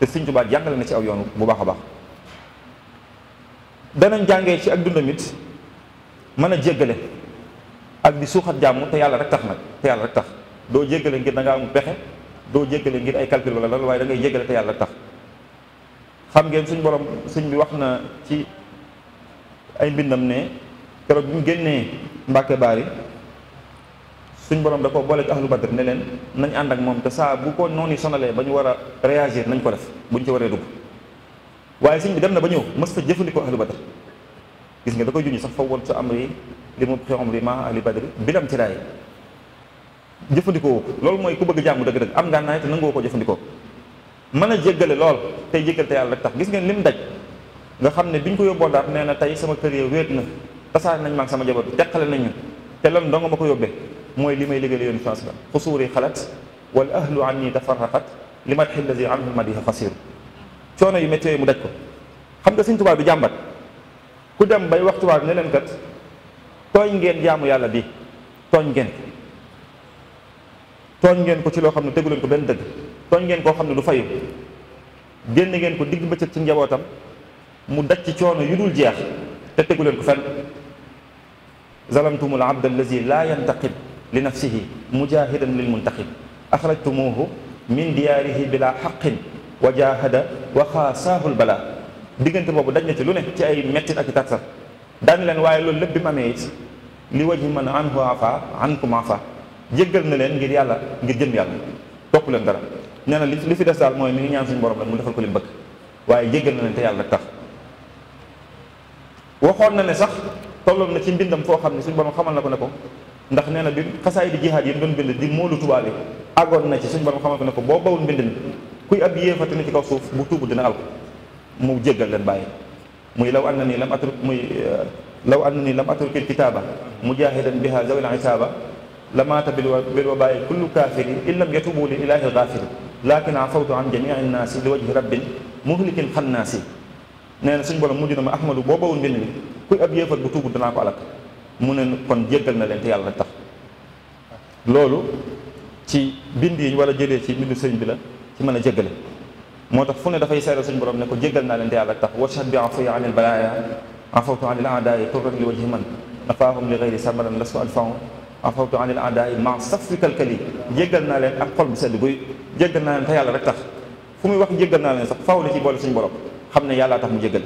te siñ Sëñ baat jàngale na ci aw yoon bu baax a baax danañ jàngee ci ak dundam mën a jéggale ak di suuxat jàmm te yàlla rek tax nag te yàlla rek tax doo jéggale ngir da ngaa am pexe doo jéggale ngir ay calcul la lan waaye dangay ngay jéggale te yàlla rek tax xam ngeen suñ borom suñ bi wax na ci ay mbindam ne keroog bi mu génnee baar yi suñ borom da ko boole ci ahlu badr ne leen nañ ànd ak moom te saa bu ko noonu sonalee ba ñu war a réagir nañ ko def buñ ci waree dugg waaye sëñ bi dem na ba ñëw mës fa jëfandikoo ahlu badr gis nga da koy junj sax fa woon sa amri li mu xew amri ma ahlu badr bilam ci raay jëfandikoo loolu mooy ku bëgg jàmm dëgg-dëgg am ngaa naay te nangoo ko jëfandikoo mën a jéggale lool tey jéggal te yàlla rek tax gis ngeen lim daj nga xam ne bi ñu ko yóbboo daat nee na tey sama kër na tasaare nañ maag sama jabar teqale nañ ñu te lan dong ma ko yóbbee mooy li may liggéeyal yonent bi sallallahu alayhi wa sallam xusuuri xalat wal ahlu anni tafarraqat li ma xillazi anhu madiha xasiru coono yu métti mu daj ko xam nga Sëñ Tuubaa du jàmbat ku dem bay wax tubaab ne leen kat tooñ ngeen jaamu yàlla bi tooñ ngeen ko ngeen ko ci loo xam ne tegu leen ko benn dëgg tooñ ngeen koo xam ne du fayu génn ngeen ko digg bëccëg ci njabootam mu daj ci coono yu dul jeex te tegu leen ko fenn zalamtumul abd allazi la yantaqib li nafsihi mujahidan lil muntaqib axrajtumuuhu min diyaarihi bila xaqin wa jahada wa xaasaahul bala diggante boobu daj na ci lu ne ci ay mettit ak i tartar daan leen waaye loolu lépp bi ma amee it li wajhi man anhu afa ankum afa jéggal na leen ngir yàlla ngir jëm yàlla topp leen dara nee na li fi des daal mooy mi ngi ñaan suñu borom la mu defal ko li bëgg waaye jéggal na leen te yàlla rek tax waxoon na ne sax tolloon na ci mbindam foo xam ne suñu borom xamal na ko ne ko ndax nee na bi xasaay di jihaad yi doon bind di moolu tubaale àggoon na ci suñu borom xamante ne ko boo bawul mbind mi kuy ab yéefati ne ci kaw suuf bu tuubu dina alko mu jéggal leen bàyyi muy law anna nii lam atruk muy eh, law anna nii lam atrukil kitaaba mujahidan biha zawil isaaba lamaata bil wabaayi kullu kaafiri in lam yatubu li ilaahi gaafiri laakin afawtu an jamii nnaasi li wajhi rabbin muhlikin xannaasi nee na suñu borom mujj na ma ahmadu boo bawul mbind mi kuy ab yéefat bu tuubu dinaa ko alak mu ne kon jéggal na leen te yàlla rek tax loolu ci bind yi wala jëlee ci bindu sëriñ bi la ci mën a jéggale moo tax fu ne dafay seeral suñu borom ne ko jéggal naa leen te yàlla rek tax wachat bi afoy anil balaya afawtu anil aadayi turrat li wajhi man nafaahum li gayri sabaran lasu alfahu afawtu anil aadayi leen ak xol bu sedd guy naa leen yàlla rek fu muy wax jéggal naa leen sax faw la ci boole suñu borom xam ne yàllaa tax mu jéggale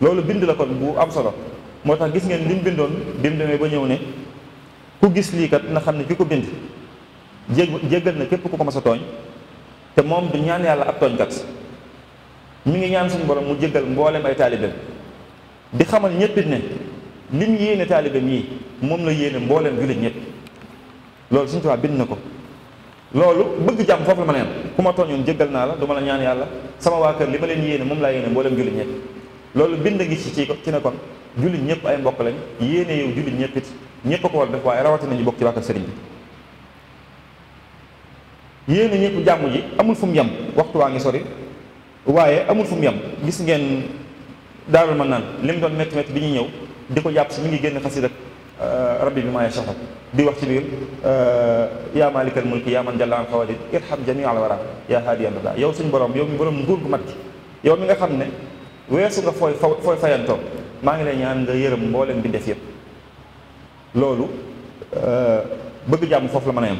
loolu bind la kon bu am solo moo tax gis ngeen lim bindoon bi mu demee ba ñëw ne ku gis lii kat na xam ne ki ko bind jé jéggal na képp ku ko ma sa tooñ te moom du ñaan yàlla ab tooñkat mi ngi ñaan suñu borom mu jéggal mboolem ay taalibeem di xamal ñëppit ne lim yéene taalibeem yi moom la yéene mbooleem jullit ñëpp loolu suñu tubaab bind na ko loolu bëgg jàmm foofu ku ma tooñoon jéggal naa la du ma la ñaan yàlla sama waa kër li leen yéene moom laa yéene mbooleem loolu bind ngi ci ci ci ne kon jullit ñëpp ay mbokk lañ yéene yow jullit ñëpp it ñëpp a ko war def waaye rawatina ñu bokk ci wàkkat sëriñ bi yéene ñëpp jàmm ji amul fu mu yem waxtu waa ngi sori waaye amul fu mu yem gis ngeen daarul mën naan lim doon métti métti bi ñu ñëw di ko jàpp si mi ngi génn xasida euh, rabbi bi maaye soxla di wax ci biir euh, yaa maalikal mulki yaa man jalla an xawadid irham jami al wara yow suñu borom yow mi borom nguur gu mat yow mi nga xam ne weesu nga fooy fooy fayantoo maa ngi lay ñaan nga yërëm mbooleem bi def yëpp loolu euh, bëgg jàmm foofu la mën a yem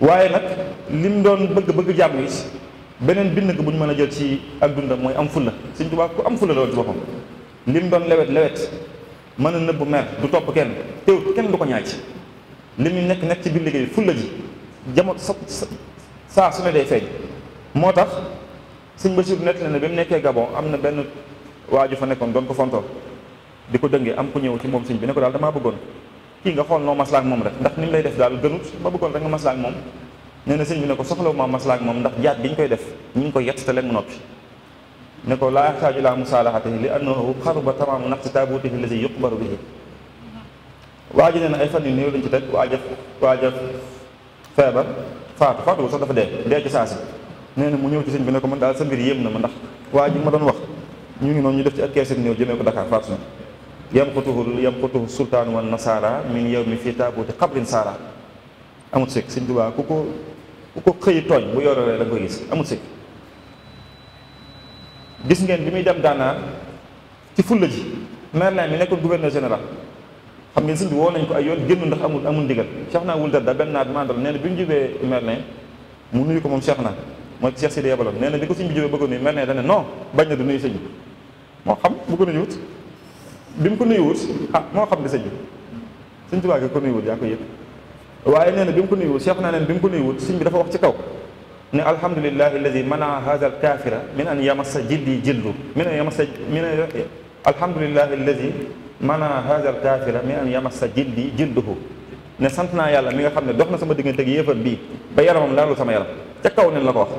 waaye nag lim doon bëgg bëgg jàmm yi beneen bind bu ñu mën a jël ci ak dundam mooy am fulla suñ Tuubaa ku am fulla loolu ci boppam lim doon lewet lewet mën a nëbb mer du topp kenn teewut kenn du ko ñaaj li muy nekk nekk ci biir liggéey fulla ji jamono sa saa su ne day feeñ moo tax suñ Basiru nett na ne ba mu nekkee Gabon am na benn waa ju fa nekkoon doon ko fontoo di ko dëngee am ku ñëw ci moom sëñ bi ne ko daal damaa bëggoon kii nga xool noo maslaak moom rek ndax ni mu lay def daal gënut ma bëggoon rek nga maslaak moom nee na bi ne ko soxlawu ma maslaak moom ndax jaat bi ñu koy def ñu ngi koy yett te leen mu noppi ne ko laa yaxtaaju ilaa musaalaxatihi li annahu xaruba tamaamu naqsi taabutihi allazi yuqbaru bihi waa ji nee na ay fan yu néew lañ ci teg waaja waaja feebar faatu faatu sax dafa dee dee ci saa si nee na mu ñëw ci bi ne ko man daal sa mbir yéem na ma ndax waa ji ma doon wax ñu ngi moom ñu def ci ak kees ak néew jëmee ko Dakar faatu na yam xutuhu yam xutuhu mi ngi nasaara min yow mi fii taabuti xabrin saara amut sikk sëñ Tuubaa ku ko ku ko xëy tooñ bu yororee da nga koy gis amut sikk gis ngeen bi muy dem gànnaar ci fulla ji Merlin mi nekkoon général xam ngeen sëñ bi woo nañ ko ay yoon génn ndax amul amul ndigal Cheikh naa wul da benn naat mandal nee na bi mu jubee Merlin mu nuyu ko moom Cheikh naa mooy Cheikh Sidi yebaloon nee na bi ko sëñ bi jubee bëggoon nuyu Merlin da ne non bañ na du nuyu sëñ moo xam bu ko nuyuwut bi mu ko nuyuwut ah moo xam di sëñ bi sëñ Tuubaa gi ko nuyuwut yaa ko yëg waaye nee na bi mu ko nuyuwut seex naa neen bi mu ko nuyuwut sëñ bi dafa wax ci kaw ne alhamdulilahi alladi mana hada alkafira min an yamassa jildi jildu min an yamassa min alhamdulilahi alladi mana hada alkafira min an yamassa jildi jilduhu ne sant naa yàlla mi nga xam ne dox na sama diggante ak yéefar bii ba yaramam laalu sama yaram ca kaw nen la ko wax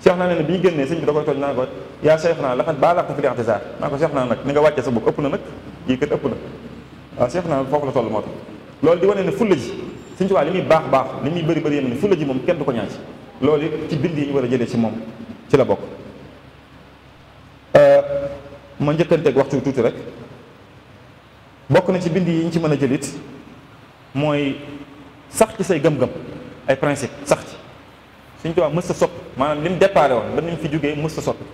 Cheikh naa ne bi ñu génnee sëñ bi da koy tooñ naa ko yaa Cheikh naa laqad balaghta fil i'tizar naa ko Cheikh naa nag ni nga wàccee sa bopp ëpp na nag yii kat ëpp na waaw Cheikh naa foofu la toll moo tax loolu di wane ne fulla ji sëñ Tuubaa li muy baax baax li muy bëri bëri yéen ne fulla ji moom kenn du ko ñaaj loolu ci bind yi ñu war a jëlee ci moom ci la bokk euh, ma njëkkanteeg waxtu tuuti rek bokk na ci bind yi ñu ci mën a jëlit mooy sax ci say gëm-gëm ay principe sax suñ tubaab mës a soppi maanaam li mu déparé woon ba ni mu fi jugee mës a soppi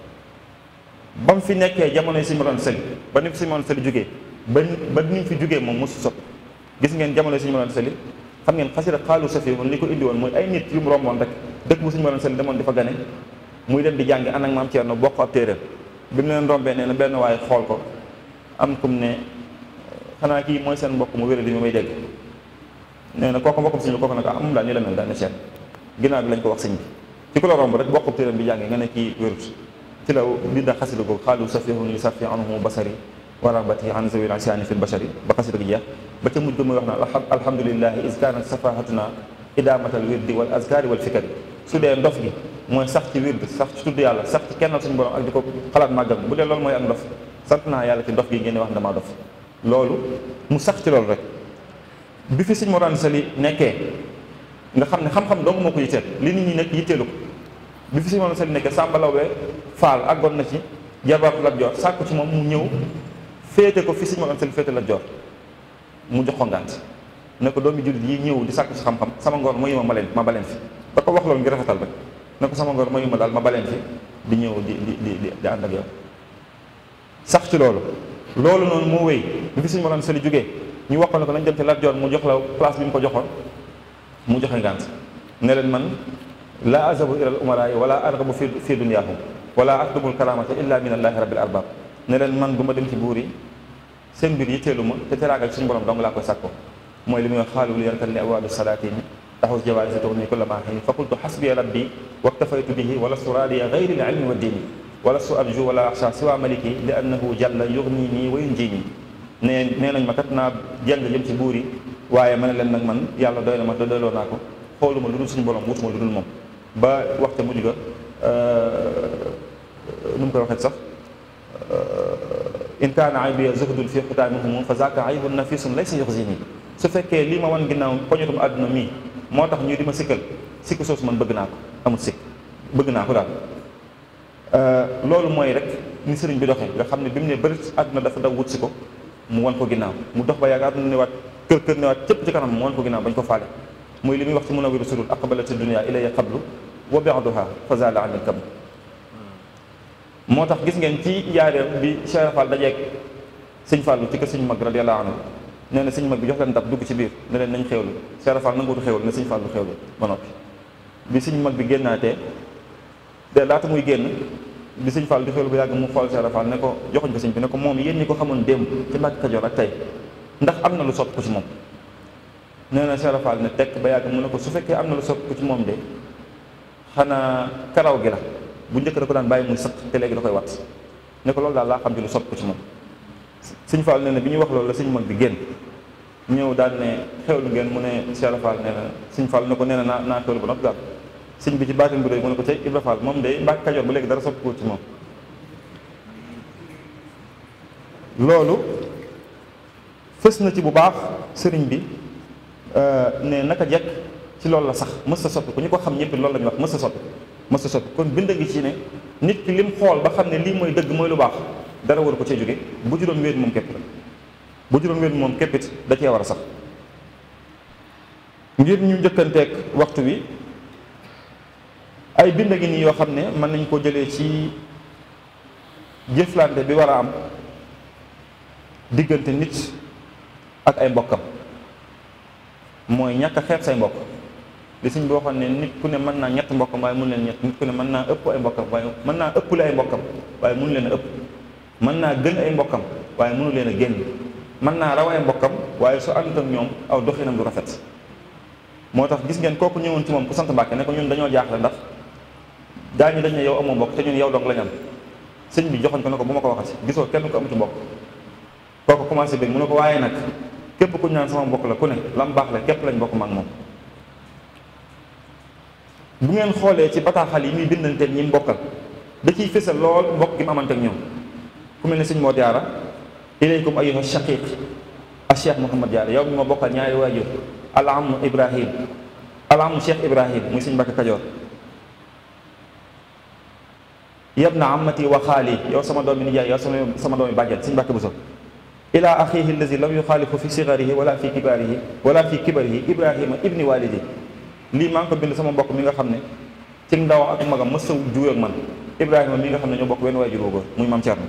mu fi nekkee jamono si ma doon sëli ba si ma doon sëli jugee ba ba ni mu fi jugee moom mës a gis ngeen jamono yi ma doon sëli xam ngeen xasida xaalu safi moom li ko indi woon mooy ay nit yu mu romboon rek dëkk bu suñu ma demoon di fa gane muy dem di jàngi ànd ak maam Thierno bokk ab téeréem bi mu leen nee na benn waaye xool ko am kum xanaa kii mooy seen mbokk mu wéra di mi may dégg nee na kooku mbokkum suñu kooku nag ah moom daal ni la mel daal ne ginnaaw bi lañ ko wax sëñ bi ku la romb rek bokkub téeram bi jàngee nga ne kii wérut ci la bind xasida googu xaalu safihun yu safi anhu ba xasida gi ba ca mujj muy wax na alhamdulilahi is kaanat safahatuna idaamatal wirdi wal azkaari wal di loolu mooy ak ndof sant naa yàlla ci gi ngeen wax damaa dof loolu mu sax loolu rek bi fi suñ moran sali nekkee nga xam ne xam-xam dong moo ko yitteel li nit ñi nekk yitteelu ko bi fi si moom seen nekk Samba Lawbe Fall àggoon na ci jarbaatu Lat Joor sàkku ci moom mu ñëw féete ko fi si moom seen féete Lat Joor mu jox ko ngànt ne ko doomi jullit yi ñëw di sàkku si sama ngoro mayu ma ma leen ma baleen fi da wax loolu ngir rafetal rek ne ko sama ngor ma daal ma baleen fi di ñëw di di di di ànd ak yow sax ci loolu loolu noonu moo wéy bi fi suñu moroom seli jógee ñu waxoon ne ko nañ dem ci Lat mu jox la place bi mu ko joxoon mu joxe ngànt ne leen man laa azabu ilal umaraayi wala argabu fi fi dunyaahum wala atlubul karamata illa min allaahi rabbil arbab ne leen man du ma dem ci buur yi seen mbir yi teelu ma te teraagal suñu borom dong laa koy sàkko mooy li muy wax xaalul yarkan li abwaabi salaatin taxus jawaari si toog nii kulla maa xiin faqultu xasbiya rabbi waktafaytu bihi wala su raadiya gayri l ilmi wa diini wala su arju wala axsa siwa maliki li annahu jàlla yuxni nii wa yunjini nee nee nañ ma kat naa jàng jëm ci buur yi waaye ma ne leen nag man yàlla doy na ma doyloo naa ko xooluma lu dul suñu borom wutuma lu dul moom ba waxte mujj ga euh, nu mu koy waxee sax euh, in kaana aybiya zuhdul fi xutaaminhum fa zaaka aybun nafisun laysa nii su fekkee lii ma wan ginnaaw poñatum àdduna mii moo tax ñu di ma sikkal sikk soosu man bëgg naa ko amul sikk bëgg naa ko daal euh, loolu mooy rek ni sëriñ bi doxee nga xam ne bi mu ne bëri àdduna dafa daw wut si ko mu wan ko ginnaaw mu dox ba yàgg àdduna kër kër ne waat cëpp ci kanam moo ko ginnaaw bañ ko faale muy li muy wax ci mun a wiru surul aqbalati dunia ilaya qablu wa baaduha fa zala anil kabl moo tax gis ngeen ci yaareem bi Cheikh Fall dajeeg sëñ Fallu ci kër sëñ mag radiyallahu anhu nee na sëñ mag bi jox leen ndab dugg ci biir ne leen nañ xewlu Cheikh Fall nanguutu xewlu ne sëñ Fallu xewlu ba noppi bi sëñ mag bi génnaatee te laata muy génn bi sëñ Fall di xewlu mu xool Cheikh Fall ko joxuñ ko sëñ bi ne ko moom yéen ñi ko xamoon démb ci Mbàkke Kajoor ak tey ndax am na lu soppiku ci moom nee na Cheikh Fall ne tekk ba yàgg mu ne ko su fekkee am na lu soppiku ci moom de xanaa karaw gi la bu njëkk da ko daan bàyyi muy sëq léegi da koy wat ne ko loolu laa xam ci lu soppiku ci moom sëñ Fall nee na bi ñuy wax loolu la sëñ bi génn ñëw daal ne xewlu ngeen mu ne Cheikh Fall nee na sëñ Fall ne ko nee na naa naa xewlu ba noppi daal sëñ bi ci baatin bi doy mu ne ko tey Ibra Fall moom de Mbàkke Kajoor ba léegi dara soppiku ci moom loolu fës na ci bu baax sëriñ bi euh, ne naka jekk ci loolu la sax mës sa ku ñu ko xam ñëpp loolu la wax mës sa soppi mës kon bind ngi ci ne nit ki lim xool ba xam ne lii mooy dëgg mooy lu baax dara waru ko cee jóge bu juróom wéet moom képp la bu juróom wéet moom képpit da war a sax ngir ñu njëkkanteeg waxtu wi ay bind ngi nii yoo xam ne mën nañ ko jëlee ci jëflante bi war a am diggante nit ak ay mbokkam mooy ñàkk a xeet say mbokk li siñ boo xam ne nit ku ne mën naa ñett mbokkam waaye mun leen ñett nit ku naa ëpp ay mbokkam waaye mën naa ëppale ay mbokkam waaye mënu leen ëpp mën naa gën ay mbokkam waaye mënu leen a génn mën naa raw ay mbokkam waaye su àndut ak ñoom aw doxinam du rafet moo tax gis ngeen kooku ñëwoon ci moom ku sant Mbàkke ne ko ñun dañoo jaaxle ndax daañu dañ ne yow amoo mbokk te ñun yow dong lañ am sëñ bi joxoñ ko ne ko bu ma ko waxati gisoo kenn ko amatu mbokk kooku commencé bëgg nag képp ku ñaan sama mbokk la ku ne lam baax la képp lañ bokk mag moom bu ngeen xoolee ci bataaxal yi muy bindanteel ñi mbokkal da ciy fësal lool mbokk gi mu amante ak ku mel ne suñ moo jaara ilaykum ayyuha shaqiq a cheikh Mouhamad Diarra yow mi ma bokkal ñaari waajur alamu ibrahim alamu cheikh ibrahim muy sëñ Mbàkke Kajoor yab na amati wa xaali yow sama doomi nijaay yow sama sama doomi bàjjen sëñ bu Buso ila axihi allazi lam yuxaalifu fi sigarihi wala fi kibaarihi wala fi kibarihi ibrahima ibni walidi lii maa ngi ko bind sama mbokk mi nga xam ne ci ndaw ak magam ma sëw juwee ak man ibrahima mi nga xam ne ñoo bokk benn waajur woo góor muy maam Cerno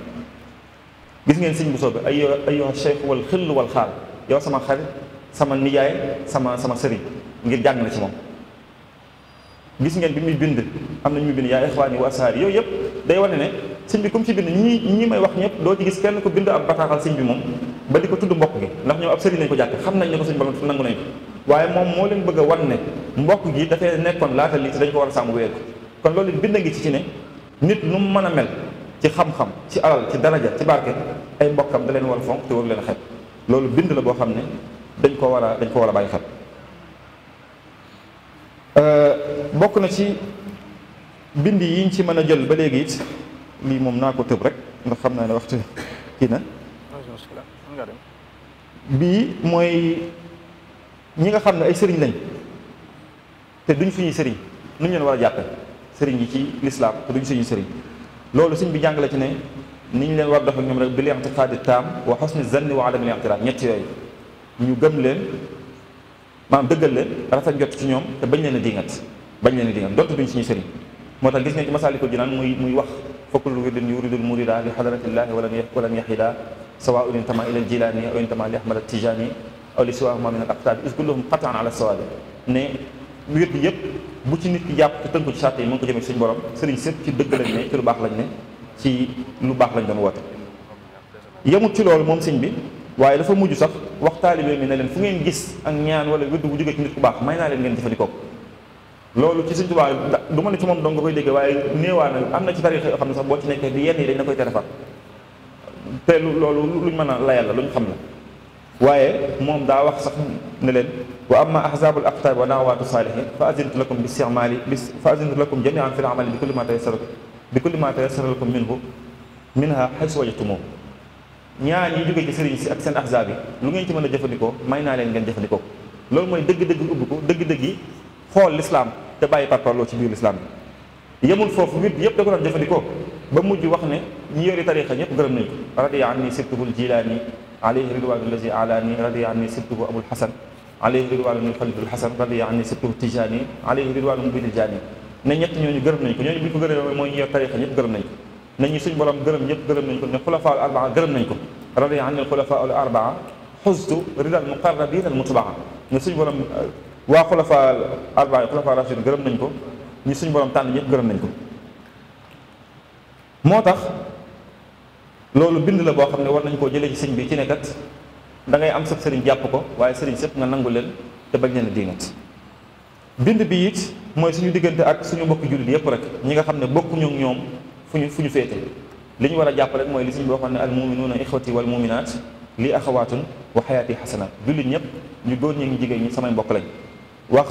gis ngeen sëñ bu soobe ay ayoha cheikh wal xill wal xaal yow sama xarit sama nijaay sama sama sëriñ ngir jàng na ci moom gis ngeen bi muy bind am na ñu muy bind yaa ixwaani wa asaari yooyu yëpp day wane ne sëñ bi comme ci bind ñi ñi may wax ñëpp doo ci gis kenn ko bind ab bataaxal sëñ bi moom ba di ko tudd mbokk gi ndax ñoom ab sëriñ lañ ko jàkk xam nañ ne ko sëñ Bamba nangu nañ ko waaye moom moo leen bëgg a wan ne mbokk gi dafay nekkoon laata lii te dañ ko a sàmm wéer kon loolu bind ngi ci ci ne nit nu mu mën a mel ci xam-xam ci alal ci daraja ci barke ay mbokkam da leen war a fonk te waru leen xel loolu bind la boo xam ne dañ ko war a dañ ko war a bàyyi xel euh, bokk na ci bind yiñ ci mën a jël ba léegi it lii moom naa ko tëb rek ndax xam naa ne waxtu kii na bii mooy ñi nga xam ne ay sëriñ lañ te duñ suñuy sëriñ nu ñu leen war a jàppe sëriñ yi ci lislaam te duñ suñuy sëriñ loolu sëñ bi jàngale ci ne ni ñu leen war dox ak ñoom rek bil i'tiqaadi taam wa husni zanni wa adami i'tiraad ñett yooyu ñu gëm leen maanaam dëggal leen rafet njot ci ñoom te bañ leen a dingat bañ leen a dingat dootu duñ suñuy sëriñ moo tax gis ngeen ci Masaalikul Jinaan muy muy wax fa kullu wirdin yuridul murida li xadratillahi walan yaxida sawaun intama ila aljilani aw intama li ahmad atijani aw li siwahuma min al aqtaabi is kulluhum qatan ala sawaabi ne wird yëpp bu ci nit ki jàpp te tënku ci sàtte yi mu ngi ko jëmee ci suñu borom sëriñ sëpp ci dëgg lañ ne lu baax lañ ne ci lu baax lañ doon woote yemut ci loolu moom sëñ bi waa dafa mujj sax wax taalibe mi ne leen fu ngeen gis ak ñaan wala wird ci nit ku baax may naa leen ngeen jëfandikoo loolu ci Sëñ Tuubaa du ma ne ci moom dong nga koy déggee waaye néewaa na am na ci tariixa yoo xam ne sax boo ci nekkee di yenn yi dañ la koy tere te loolu luñ mën a layal la ñu xam la waaye moom daa wax sax ne leen wa amma ahzabul aqtaab wa daawaatu saalihin fa azintu lakum bi isticmaali bi fa azintu lakum jamian fi l amali bi kulli ma tayassara bi kulli ma tayassara lakum minhu minha haysu wajadtumuuh yi jógee ci sëriñ si ak seen ahzaab yi lu ngeen ci mën a jëfandikoo may naa leen ngeen jëfandikoo loolu mooy dëgg-dëgg ubbi ko dëgg-dëgg yi lislaam te bàyyi parparloo ci biir lislaam bi yemul foofu wird yëpp da ko doon jëfandikoo ba mujj wax ne ñi yori tarixa ñëpp gërëm nañ ko radiya anni sibtuhu jilaani alayhi ridwaanu lazi alaani radiya anni sibtuhu abul xasan alayhi ridwaanu min xalidul xasan radiya anni sibtuhu tijaani alayhi ridwaanu mu bidil jaani ne ñett ñooñu gërëm nañ ko ñooñu bu ñu ko gërëm mooy ñi yor tarixa ñëpp gërëm nañ ko ne ñu suñ borom gërëm ñëpp gërëm nañ ko ne xulafa al arbaa gërëm nañ ko radiya anni xulafa al arbaa xustu ridal muqarrabin al mutbaa ne suñ borom waa xulafa arba xulafa rachid gërëm nañ ko ñi suñu borom tànn ñëpp gërëm nañ ko moo tax loolu bind la boo xam ne war nañ koo jëlee ci sëñ bi ci nekkat da ngay am sab sëriñ jàpp ko waaye sëriñ sëpp nga nangu leen te bañ leen a diingat bind bi it mooy suñu diggante ak suñu mbokki jullit yépp rek ñi nga xam ne bokkuñu ñoom fu ñu fu ñu féete li ñu war a jàpp rek mooy li suñu boo xam ne al muminuuna ixwati wal muminaat lii axawaatun wa xayaati xasanaat jullit ñëpp ñu góor ñi ngi jigéen ñi samay mbokk lañ wax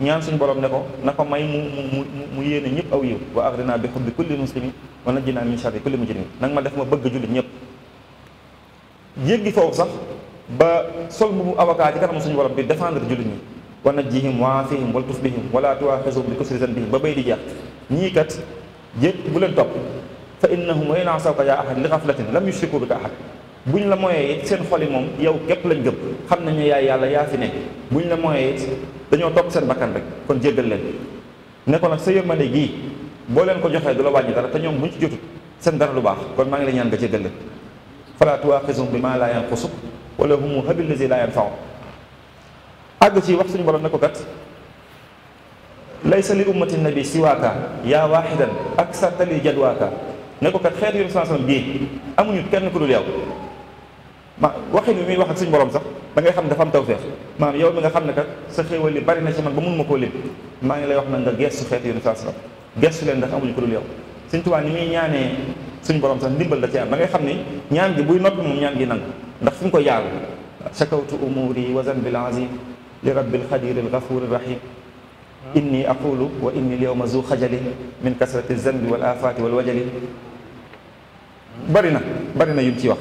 ñaan suñu borom ne ko na ko may mu mu mu yéene ñëpp aw yiw wa aghnina bi hubbi kulli muslimin wa najjina min sharri kulli mujrimin nag ma def ma bëgg jullit ñëpp jéggi foofu sax ba sol bu avocat ci kanam suñu borom bi défendre jullit ñi wa najjihim wa aafihim wal tuf bihim wala tuwaaxisum bi kusri zanbihim ba bay di jeex ñii kat jégg bu leen topp fa innahum wa in asawka yaa ahad li ghaflatin lam yushriku bika ahad buñ la mooyee it seen xol yi moom yow képp lañ gëm xam nañu yaay yàlla yaa fi ne buñ la mooyee dañoo topp seen bakkan rek kon jéggal leen ne ko nag sa yërmande gii boo leen ko joxee du la wàññi dara te ñoom buñ ci jotut seen dara lu baax kon maa ngi la ñaan nga jéggal leen fala tuaxisum bi maa laa yanqusuk wala humu habil lazi laa yanfau àgg ci wax suñu borom ne ko kat laysa li ummati nabi siwaaka yaa waaxidan ak sartali jadwaaka ne ko kat xeet yu sallallahu alayhi wasallam bii amuñu kenn ku dul yow ma waxin bi muy wax ak suñu borom sax da ngay xam ne dafa am tawfeex maanaam yow mi nga xam ne kat sa xéewal yi bari na ci man ba mun ma koo lim maa ngi lay wax na nga gestu xeet yéen saa sallam gestu leen ndax amuñu ko dul yow suñ tubaa ni muy ñaanee suñu borom sax ndimbal da ci am da ngay xam ne ñaan gi buy noppi moom ñaan gi nangu ndax fi mu ko yaaru shakawtu umuri wa zanbil azim li rabbil xadiril gafuril rahim inni aqulu wa inni al yawma zu xajali min kasrati zanbi wal afati wal wajali bari na bari na yum ci wax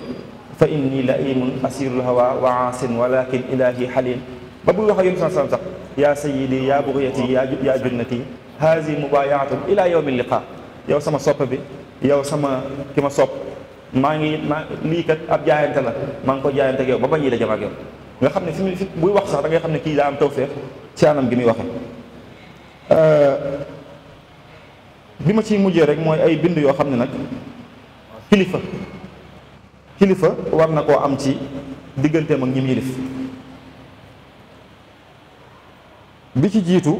fa inni la imun asirul hawa wa asin walakin ilahi halim ba buy wax ak yonent sallam sax yaa sayidi yaa buxyati yaa yaa junnati haasi mubayaatun ila yawmi liqa yow sama sopp bi yow sama ki ma sopp maa ngi maa lii kat ab jaayante la maa ngi ko jaayante ak yow ba ba ñuy dajam ak yow nga xam ne fi muy buy wax sax da ngay xam ne kii daa am tawfeex ci anam gi muy waxe bi ma ciy mujjee rek mooy ay bind yoo xam ne nag kilifa kilifa war na koo am ci digganteem ak ñim yilif bi ci jiitu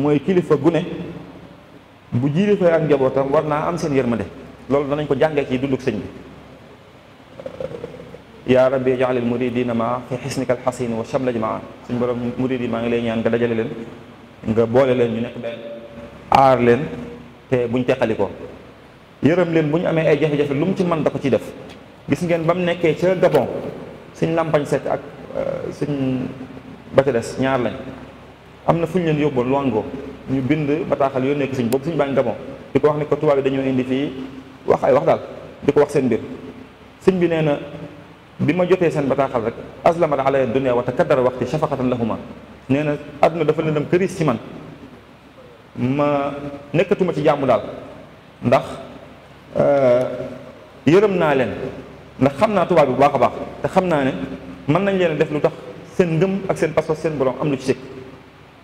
mooy kilifa gune ne bu jiilifee ak njabootam war naa am seen yërmande loolu danañ ko jàngee ci dunduk sëñ bi yaa rabbi jaalil muridina ma fi xisnika alxasin wa shamla jamaa suñ borom muridi maa ngi lay ñaan nga dajale leen nga boole leen ñu nekk benn aar leen te buñ teqali ko yërëm leen bu ñu amee ay jafe-jafe lu mu ci man da ko ci def gis ngeen ba mu nekkee ca Gabon suñ Lampagne set ak euh, suñ ba ca des ñaar lañ am na fu ñu leen yóbboon Luango ñu bind bataaxal yónnee nekk suñ boobu suñ baa ngi Gabon di ko wax ne ko tubaab yi dañoo indi fii wax ay wax daal di ko wax seen mbir suñ bi nee na bi ma jotee seen bataaxal rek aslamat alaya dunia wa takaddara waxti shafaqatan lahuma nee na àdduna dafa leen dem këriis ci man ma nekkatuma ci jàmm daal ndax euh, yërëm naa leen ndax xam naa tubaab bi bu baax a baax te xam naa ne mën nañ leen def lu tax seen ndëm ak seen pasos seen borom am lu ci sëkk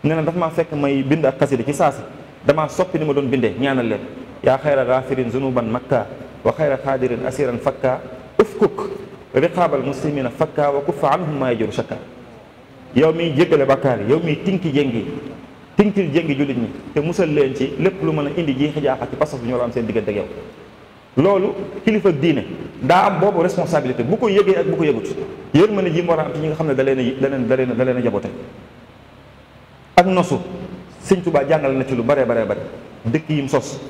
nee na dafa maa fekk may bind ak xasida ci saasi damaa soppi ni ma doon bindee ñaanal leen yaa xayra gaafirin zunuban makka wa xayra xaadirin asiran fakka ufkuk riqaabal muslimina fakka wa kuffa anhum maa yajuru shakka yow mi jéggale bàkkaar yow mi tinki jéngi tinkil jéngi jullit ñi te musal leen ci lépp lu mën a indi jii jaaxa ci pasos bi a seen diggante ak yow loolu kilifa diine daa am boobu responsabilité bu ko yëgee ak bu ko yëgut yërmande ji mu war a am ci ñi nga xam ne da leen a da leen da leen a ak nosu sëñ Tuubaa jàngale na ci lu bare baree bare dëkk yi sos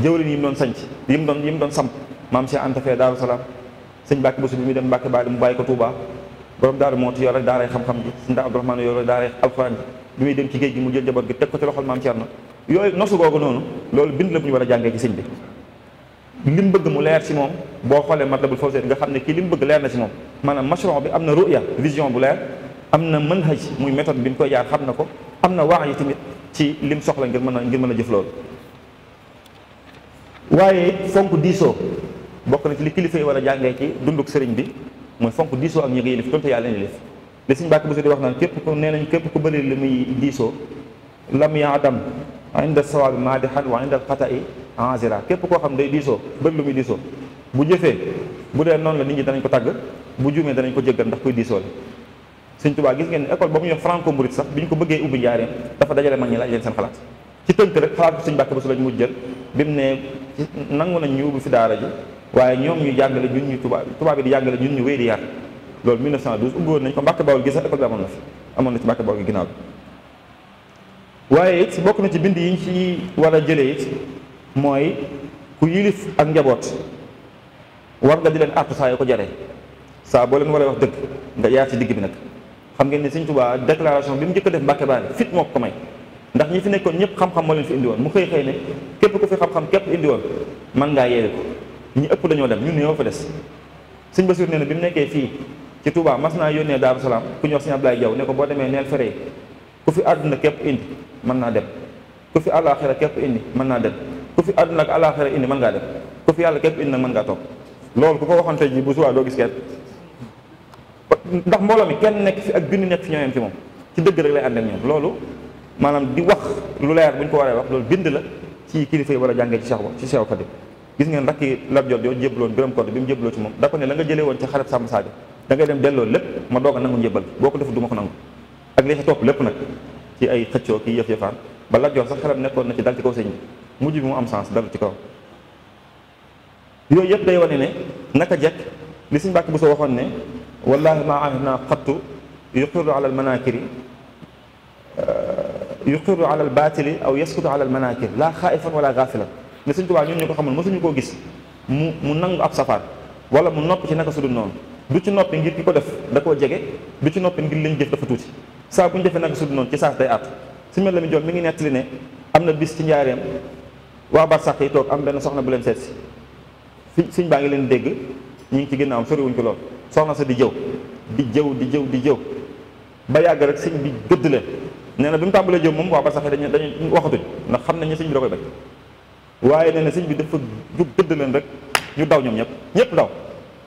jëwriñ yi mu doon sanc yi mu doon yi mu doon samp maam Cheikh Anta Faye Daaru Salaam sëñ Mbàkke Bousso bi muy dem Mbàkke Baali mu bàyyi ko Touba borom daaru moo ti yore daaray xam-xam ji sëñ Daa Abdourahmane yore daaray alxuraan ji bi muy dem ci géej gi mu jël jaboot gi teg ko ci loxol maam Cerno yooyu nosu googu noonu loolu bind la ñu war a jàngee ci sëñ bi li mu bëgg mu leer ci moom boo xoolee matlabul fawzeyni nga xam ne kii lim mu bëgg leer na ci moom maanaam mashron bi am na ruya vision bu leer am na man manhaj muy méthode bi mu koy jaar xam na ko am na waax tamit ci lim soxla ngir mën a ngir a jëf loolu waaye fonk diisoo bokk na ci li kilifay yi a jàngee ki dunduk sëriñ bi mooy fonk diisoo ak ñi ngi yilif yàlla yàlla yilif li suñ bàkk bésa di wax naan képp ku nee nañ képp ku bëri li muy diisoo lam yaadam inda sawabi maadihan wa inda alxata i angéra képp koo xam day diisoo bëri lu muy diisoo bu jëfee bu dee noonu la nit ñi danañ ko tàgg bu juumee danañ ko jéggal ndax kuy diisoo la sëñ Tuubaa gis ngeen ne école ba mu yox franco sax bi ñu ko bëggee ubbi njaareem dafa dajale mag ñi laaj leen seen xalaat ci tënk rek xalaat suñ bàkk ba su lañ mujj jël bi ne nangu nañ ñu ubbi fi daara ji waaye ñoom ñu jàngale ñun ñu tubaab tubaab bi di jàngale ñun ñu wéy di yar loolu 1912 ubbi woon nañ ko Mbàkke Bawol gi sax école bi bi waaye it bokk na mooy ku yilif ak njaboot war nga di leen àttu saa yoo ko jaree saa boo leen war a wax dëgg nga yaar ci digg bi nag xam ngeen ne Sëñ Tuubaa déclaration bi mu njëkk a def Mbàkke Baari fit moo ko may ndax ñi fi nekkoon ñëpp xam-xam moo leen fi indi woon mu xëy xëy ne képp ku fi xam-xam képp indi woon man ngaa yeewe ko ñi ëpp dañoo dem ñun ne ñoo fa des Sëñ Basiir nee na bi mu nekkee fii ci Touba mas naa yónnee Daaru Salaam ku ñu wax Sëñ Ablaye Jaw ko boo demee neel feree fi àdduna képp indi mën naa dem ku mën naa dem ku fi àdduna ak alaaxira indi mën ngaa dem ku fi yàlla képp indi nag mën ngaa toog loolu ku ko waxoon tey ji bu suwaa doo gis kenn ndax mbooloo mi kenn nekk fi ak bind nekk fi ñooyam ci moom ci dëgg rek lay àndal ñoom loolu maanaam di wax lu leer bu ñu ko waree wax loolu bind la ci kilifa yi war a jàngee ci Cheikh ba ci Cheikh Khadim gis ngeen rakki lab jot yoo jébaloon biram kod bi mu jébaloo ci moom da ko ne la nga jëlee woon ci xarab sàmm Sadio da ngay dem delloo lépp ma doog a nangu njébal boo ko defut du ma ko sa topp lépp ba lab jot sax xarab nekkoon na ci dal ci mujj bi mu am sens dal ci kaw yooyu yëpp day wane ne naka jekk li suñ bàkk bu soo waxoon ne wallahi ma ahidna xattu yuqiru ala al manakiri euh, yuqiru ala al baatili aw yaskutu ala al manakir la xaifan wala gafilan ne suñ tubaa ñun ñu ko xamul mosuñu koo gis mu mu nangu ab safaan wala mu nopp ci naka su dul noonu ci noppi ngir ki ko def da koo jege du ci noppi ngir liñ jëf dafa tuuti saa bu ñu defee naka su ci saas day àttu suñu mel la mi joon mi ngi nettali ne am na bis ci njaareem waa barsàq yi toog am benn soxna bu leen seet si fi siñ baa ngi leen dégg ñu ngi ci am soriwuñ ko lool soxna sa di jëw di jëw di jëw di jëw ba yàgg rek siñ bi gëdd leen nee na bi mu tàmbalee jëw moom waa barsax yi dañu dañu waxatuñ ndax xam nañ ne siñ bi da koy bañ waaye nee na siñ bi dafa jub gëdd leen rek ñu daw ñoom ñëpp ñëpp daw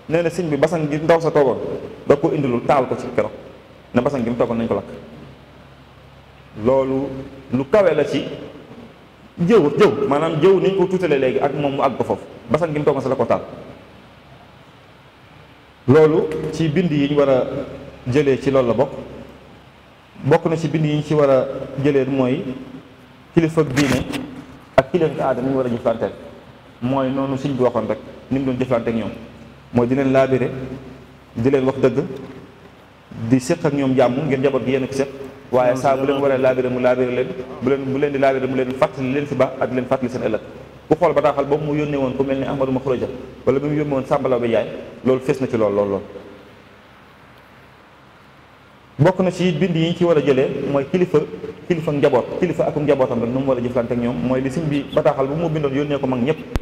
nee na siñ bi basan gi ndaw sa toogoon da ko indilul taal ko ci keroog ne basan gi mu toogoon nañ ko lakk loolu lu kawe la ci jëw jëw maanaam jëw ni ko tuutalee léegi ak moom mu àgg ko foofu basan gi mu toog sa la ko taal loolu ci bind yi ñu war a jëlee ci loolu la bokk bokk na ci bind yi ñu ci war a jëlee mooy kilifa diine ak kilifa aadama ñu war a jëflanteel mooy noonu suñ bi waxoon rek ni mu doon jëflante ñoom mooy di leen laabire di leen wax dëgg di séq ak ñoom jàmm ngeen jaboot gi yenn a ko séq waaye saa bu leen waree laabiré mu laabiré leen bu leen bu leen di laabiré mu leen fàttali leen si baax ak leen fàttali seen ëllëg ku xool bataaxal boobu mu yónnee woon ku mel ni Ahmadou Makhouredia wala bi mu yónnee woon Samba Laobé Ndiaye loolu fees na ci lool lool lool bokk na ci bind yi ñu ci war a jëlee mooy kilifa kilifa njaboot kilifa akum njabootam rek nu mu war a jëflante ak ñoom mooy li sëñ bi bataaxal bu mu bindoon yónnee ko mag ñëpp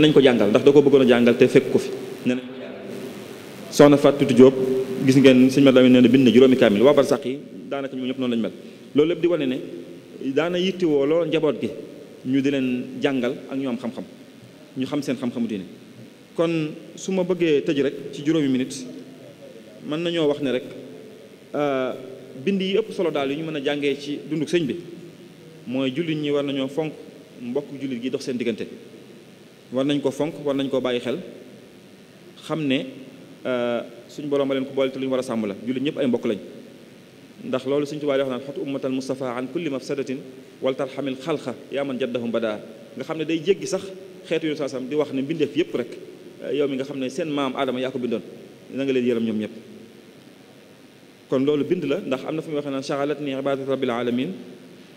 ne ko jàngal ndax da ko bëggoon a jàngal te fekk ko fi ne nañ soxna Fatou Tuuti Diop gis ngeen sëñ ma Lamine nee na bind na juróomi kaamil waa barsàq yi daanaka ñoom ñëpp noonu lañ mel loolu lépp di wane ne daana yittiwoo lool njaboot gi ñu di leen jàngal ak ñu am xam-xam ñu xam seen xam-xamu kon su ma bëggee tëj rek ci juróomi minute mën nañoo wax ne rek euh, bind yi ëpp solo daal yi ñu mën a jàngee ci dunduk sëñ bi mooy jullit ñi war nañoo fonk mbokk jullit gi dox seen diggante war nañ ko fonk war nañ koo bàyyi xel xam ne euh, suñ borom a leen ko boole te lu ñu war a sàmm la jullit ñëpp ay mbokk lañ ndax loolu suñ tubaab di wax naan xot ummatal mustafa an kulli mafsadatin wal tarxamil xalxa yaa man jaddahum badaa nga xam ne day jéggi sax xeetu yu saasam di wax ne mbindeef yëpp rek euh, yow mi nga xam ne seen maam aadama yaa ko bindoon na nga leen yërëm ñoom ñëpp kon loolu bind la ndax am na fu muy waxee naan chaxalat ni ibadatu rabbil alamin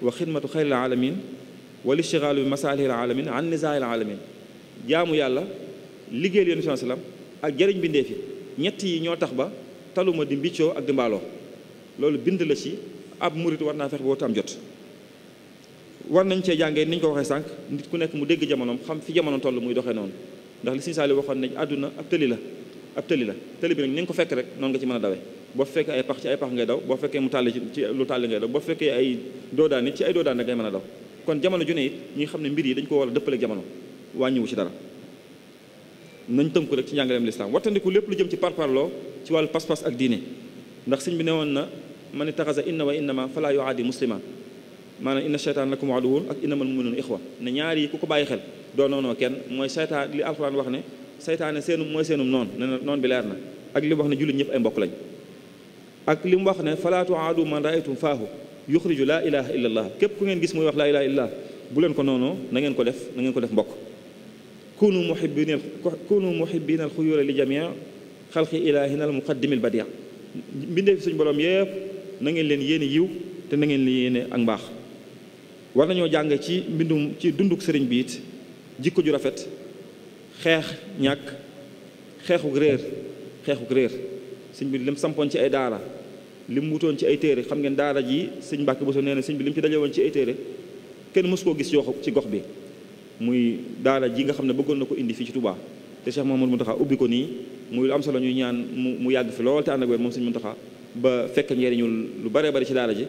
wa xidmatu xayril alamin wa lishtigaalu bi masaalihil alamin alamin jaamu yàlla liggéey yonent bi salaam ak jariñ bindeef yi ñett yi ñoo tax ba taluma di mbiccoo ak di mbaaloo loolu bind la ci ab murit war naa fex boo tam jot war nañ cee jàngee ni ñu ko waxee sànq nit ku nekk mu dégg jamonoom xam fi jamono toll muy doxee noonu ndax li Sëñ Saaliw waxoon nañ àdduna ab tëli la ab tëli la tëli bi nag ni nga ko fekk rek noonu nga ci mën a dawee boo fekkee ay pax ci ay pax ngay daw boo fekkee mu tàlli ci lu tàlli ngay daw boo fekkee ay ay mën a daw kon jamono ju ne it xam ne mbir yi dañ ko war a dëppaleeg jamono wàññiwu ci dara nañ tënku rek ci njàngaleem lislaam wattandiku lépp lu jëm ci parparloo ci wàll pas-pas ak diine ndax sëñ bi ne woon na man itaxasa inna wa innama fala yuaadi muslima maanaam inna cheytaan lakum aduwwun ak innamal muminuuna ixwa ne ñaar yi ku ko bàyyi xel doo noonoo kenn mooy seytaan li wax ne seytaane seenum mooy seenum noonu ne bi leer na ak li mu wax ne jullit ñëpp ay mbokk lañ ak li mu wax ne fala tuaadu man raaytum faahu yuxriju laa ilaha illa allah képp ku ngeen gis muy wax laa ilaha illallah leen ko noonoo na ngeen ko def na ngeen ko def kunu muhibbina kunu muhibbina al xuyuura li jamia xalqi ilaahina al muqaddimi al badia mbindeef suñu borom yëpp na ngeen leen yéene yiw te na ngeen leen yéene ak mbaax war nañoo jàng ci mbindum ci dunduk sëriñ biit jikko ju rafet xeex ñàkk xeexuk réer xeexuk réer sëñ bi lim sampoon ci ay daara lim wutoon ci ay téere xam ngeen daara ji sëñ Mbàkke Bousso nee na sëñ bi lim ci dajale ci ay téere kenn mës koo gis yoo ci gox bi muy daala ji nga xam ne bëggoon na ko indi fii ci Touba te Cheikh Mouhamadou Mountakha ubbi ko nii muy lu am solo ñuy ñaan mu mu yàgg fi lool te ànd ak wér moom sëñ Mountakha ba fekk njëriñu lu bare bari ci daara ji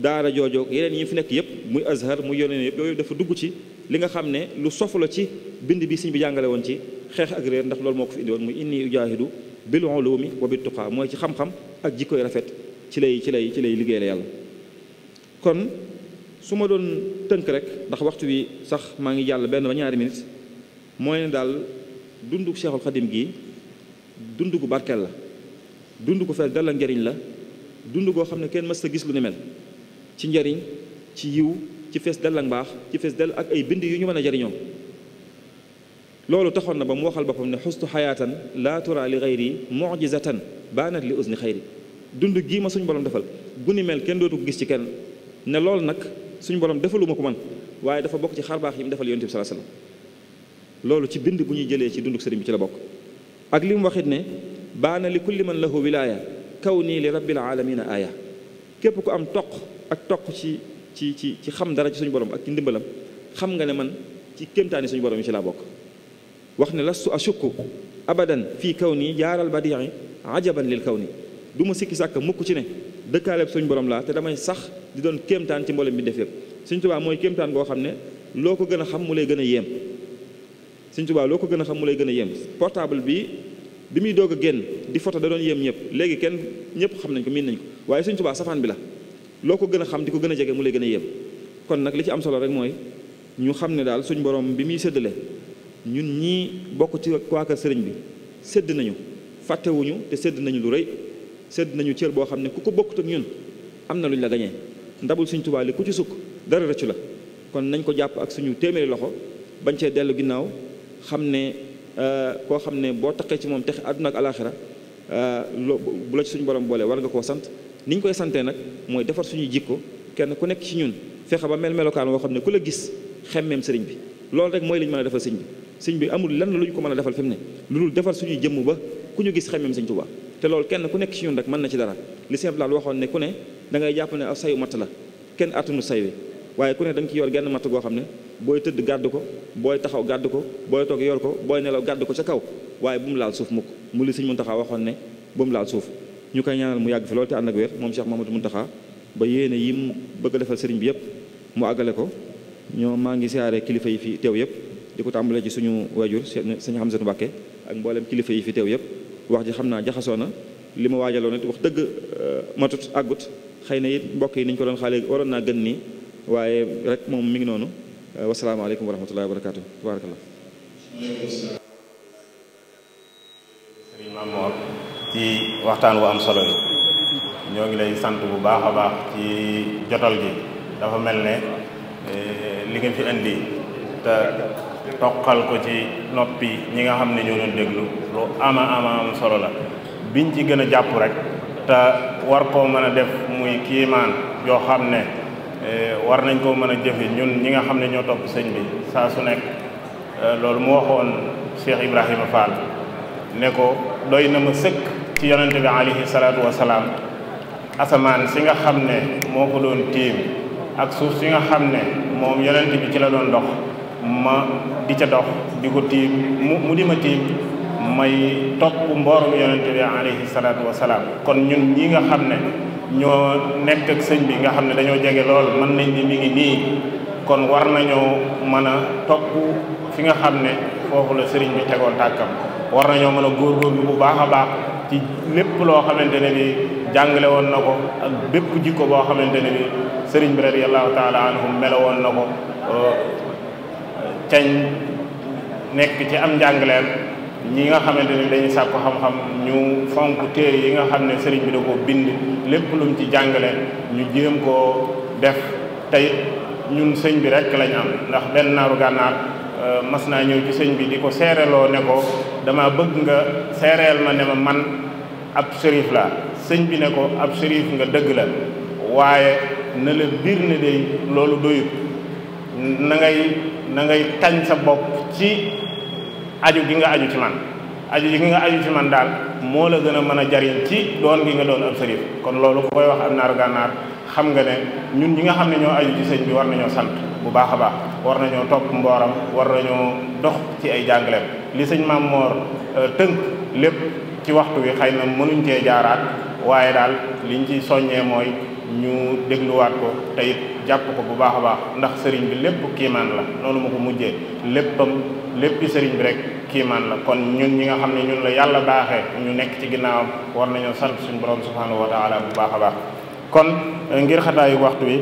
daara joojoo yeneen ñi fi nekk yëpp muy azhar mu yoneen yëpp yooyu dafa dugg ci li nga xam ne lu sofu la ci bind bi sëñ bi jàngale woon ci xeex ak réer ndax loolu moo ko fi indi woon muy inni ujaahidu bil ulumi wa bit tuqaa mooy ci xam-xam jikkoy rafet ci lay ci lay ci lay liggéey yàlla su ma doon tënk rek ndax waxtu wi sax maa ngi jàll benn ba ñaari minutes mooy ne daal dundu Cheikhul Xadim gi dund gu barkeel la dund ku fees dal njariñ la dund koo xam ne kenn mës a gis lu ni mel ci njariñ ci yiw ci fees dal ak mbaax ci fees dal ak ay bind yu ñu mën a jariñoo loolu taxoon na ba mu waxal boppam ne xustu xayaatan laa tura li xayri mujizatan baanat li usni xayri dund gii ma suñ borom defal gu ni mel kenn dootu ko gis ci kenn ne loolu nag suñu borom defaluma ko man waaye dafa bokk ci xar baax yi mu defal yonent bi sallallahu loolu ci bind bu ñuy jëlee ci dunduk sëriñ bi ci la bokk ak li mu waxit ne baana li kulli man ko wilaaya kaw nii li rabbil alamina aaya képp ku am toq ak toq ci ci ci ci xam dara ci suñu borom ak ci ndimbalam xam nga ne man ci kéemtaani suñu borom yi ci laa bokk wax ne la ashukku abadan fii kaw nii jaaral badii ajaban lil kaw nii du ma sikki sàkk mukk ci ne dëkkaaleeb suñu borom laa te damay sax di doon kéemtaan ci mboolem bi def yëpp Sëñ Tuubaa mooy kéemtaan goo xam ne loo ko gën a xam mu lay gën a yéem Sëñ Tuubaa loo ko gën a xam mu lay gën a yéem portable bi bi muy doog a génn di foto da doon yéem ñëpp léegi kenn ñëpp xam nañ ko miin nañ ko waaye Sëñ Tuubaa safaan bi la loo ko gën a xam di ko gën a jege mu lay gën a yéem kon nag li ci am solo rek mooy ñu xam ne daal suñu borom bi muy séddale ñun ñii bokk ci waa kër sëriñ bi sédd nañu fàttewuñu te sédd nañu lu rëy sedd nañu cër boo xam ne ku ko bokkut ñun am na lu ñu la gañee ndabul suñ Tuubaa li ku ci sukk dara rëccu la kon nañ ko jàpp ak suñu téeméeri loxo bañ cee dellu ginnaaw xam ne euh, koo xam ne boo taqee ci moom texe àdduna ak alaaxira euh, bu la ci suñu borom boole war nga koo sant ni ñu koy santee nag mooy defar suñu jikko kenn ku nekk ci ñun fexe ba mel melokaan woo xam ne ku la gis xemmeem sëriñ bi loolu rek mooy lañ ñu mën a defal sëñ bi sëñ bi amul lan lu ñu ko mën a defal fi ne lu dul defar suñuy jëmm ba ku ñu gis xemmeem sëñ Tuubaa te loolu kenn ku nekk ci ñun rek mën na ci dara li sëñ Abdoulaye waxoon ne ku ne da jàpp ne aw sayu matt la kenn attunu say wi waaye ku ne da nga ci yor genn matt goo xam ne booy tëdd gàdd ko booy taxaw gàdd ko booy toog yor ko booy nelaw gàdd ko ca kaw waaye bu mu laal suuf mukk mu li sëñ Muntaxa waxoon ne bu mu suuf ñu koy ñaanal mu yàgg fi te ànd ak wér moom Cheikh Mamadou Muntaxa ba yéene yi mu bëgg a defal bi yëpp mu àggale ko ñoo maa ngi siyaare kilifa yi fi teew yëpp di ko tàmbalee ci suñu wajur sëñ Xamsatu Mbàkke ak mboolem kilifa yi fi teew yëpp wax ji xam naa jaxasoo na li ma waajaloon it wax dëgg euh, matut àggut xëy na it mbokk yi nañu ko doon xaale waroon naa gën nii waaye rek moom mi ngi noonu euh, wasalaamaaleykum wa rahmatullahi wa barakaatu ci waxtaan wu am solo yi ñoo ngi lay sant bu baax a baax ci jotal gi dafa mel ne euh, li ngeen fi indi toqal ko ci noppi ñi nga xam ne ñoo doon déglu lu ama ama am solo la biñ ci gën a jàpp rek te war koo mën a def muy kiimaan yoo xam ne eh, war nañ koo mën a jëfe ñun ñi nga xam ne ñoo topp sëñ bi saa su nekk eh, loolu mu waxoon Cheikh Ibrahima Fall ne ko doy na ma sëkk ci yonente bi alayhi salaatu wasalaam asamaan si nga xam ne moo ko doon tiim ak suuf si nga xam ne moom yonente bi ci la doon dox ma di ca dox di ku tiim mu mu di ma tiim may topp mboorum yonente bi alayhi salaatu wasalaam kon ñun ñi nga xam ne ñoo nekk sëñ bi nga xam ne dañoo jege lool mën nañ ni mi ngi nii kon war nañoo mën a topp fi nga xam ne foofu la sëriñ bi tegoon tàkkam war nañoo mën a góorgóorlu bu baax a baax ci lépp loo xamante ne bi jàngale woon na ko ak bépp jikko boo xamante ne bi sëriñ bi radiyallahu taala anhum melo woon na ko euh, cañ nekk ci am njàngaleem ñi nga xamante ni dañuy sàkku xam-xam ñu fonk téer yi nga xam ne sëriñ bi da ko bind lépp lu ci jàngale ñu jéem koo def tey ñun sëñ bi rek lañ am ndax benn naaru gànnaar euh, mas naa ñëw ci sëñ bi di ko seereeloo ne ko dama bëgg nga seereel ma ne ma man ab sërif la sëñ bi ne ko ab sërif nga dëgg la waaye na la biir ne day loolu doyut na na ngay tañ sa bopp ci aju gi nga aju ci man aju gi nga aju ci man daal moo la gën a mën a jariñ ci doon gi nga doon ab sëriñ kon loolu ku koy wax am naar gànnaar xam nga ne ñun ñi nga xam ne ñoo aju ci sëñ bi war nañoo sant bu baax a baax war nañoo topp mbooram war nañoo dox ci ay jàngaleem li sëñ Maam Moor euh, tënk lépp ci waxtu wi xëy na mënuñ cee jaaraat waaye daal liñ ci soññee mooy ñu dégluwaat ko te jàpp ko bu baax a baax ndax sëriñ bi lépp kiimaan la noonu ma ko mujjee léppam lépp sëriñ bi rek kiimaan la kon ñun ñi nga xam ne ñun la yàlla baaxe ñu nekk ci ginnaawam war nañu sant suñu borom subhanahu wa taala bu baax a baax kon eh, ngir xataayu waxtu wi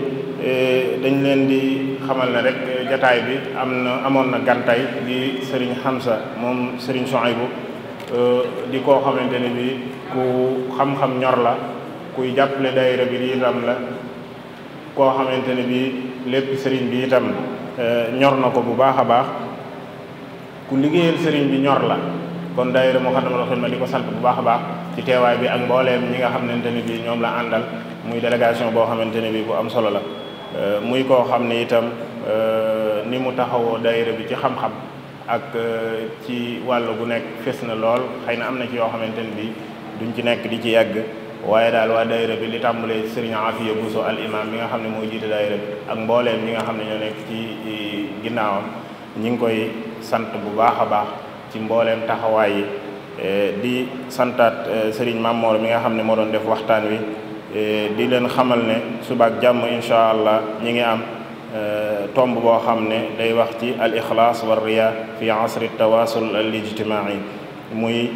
eh, dañ leen di xamal ne rek eh, jataay bi am na amoon na gantay di sëriñ Hamza moom sëriñ bu di koo xamante ne bi ku xam-xam ñor la kuy jàppale daayira bi itam la koo xamante ne bii lépp sëriñ bi itam eh, ñor na ko bu baax a baax ku liggéeyal sëriñ bi ñor la kon daayira Muxaddamatul Xidma di ko sant bu baax a baax ci teewaay bi ak mbooleem ñi nga xamante ne bii ñoom la àndal muy délégation boo xamante ne bii bu am solo la eh, muy koo xam ni itam eh, ni mu taxawoo daayira bi ci xam-xam ak ci wàll gu nekk fes na lool xëy na am na ci yoo xamante ne bii duñ ci nekk di ci yàgg waaye daal waa daayira bi li tàmbalee sëriñ Afiya Buso al imam mi nga xam ne moo jiite ak mbooleem mi nga xam ne ñoo nekk ci ginnaawam ñi ngi koy sant bu baax a baax ci mbooleem taxawaay yi eh, di santaat eh, sëriñ Mamor mi nga xam ne moo doon def waxtaan wi eh, di leen xamal ne subaak jàmm incha allah ñi ngi am tomb boo xam ne day wax ci al ixlaas war riya fi asri tawasul al ijtimaai muy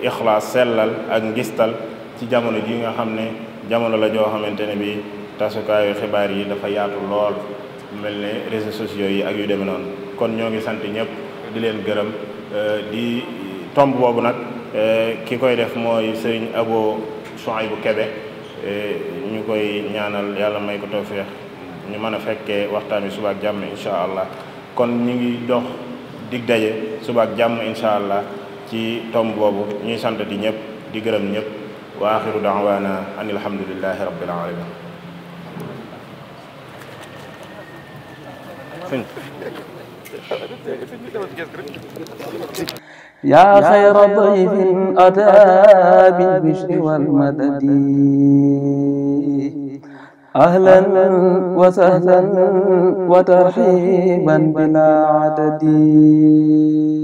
ixlaas sellal ak ngistal ci jamono ji nga xam ne jamono la joo xamante ne bi tasukaayu xibaar yi dafa yaatu lool mel ne réseaux sociaux yi ak yu demee noonu kon ñoo ngi sant ñëpp di leen gërëm euh, di tomb boobu nag euh, ki koy def mooy sëriñ Abo bu Kebe euh, ñu koy ñaanal yàlla may ko tawfeex ñu mën a fekkee waxtaan wi suba ak jàmm incha allah kon ñu ngi dox dig daje suba ak jàmm incha allah ci tomb boobu ñuy sant di ñëpp di gërëm ñëpp. wa axiru daawaana an alhamdulilahi rabbil alamin yaa xayra dayfin ataa bil bishri wal madadi ahlan wa sahlan wa tarhiban bilaa adadi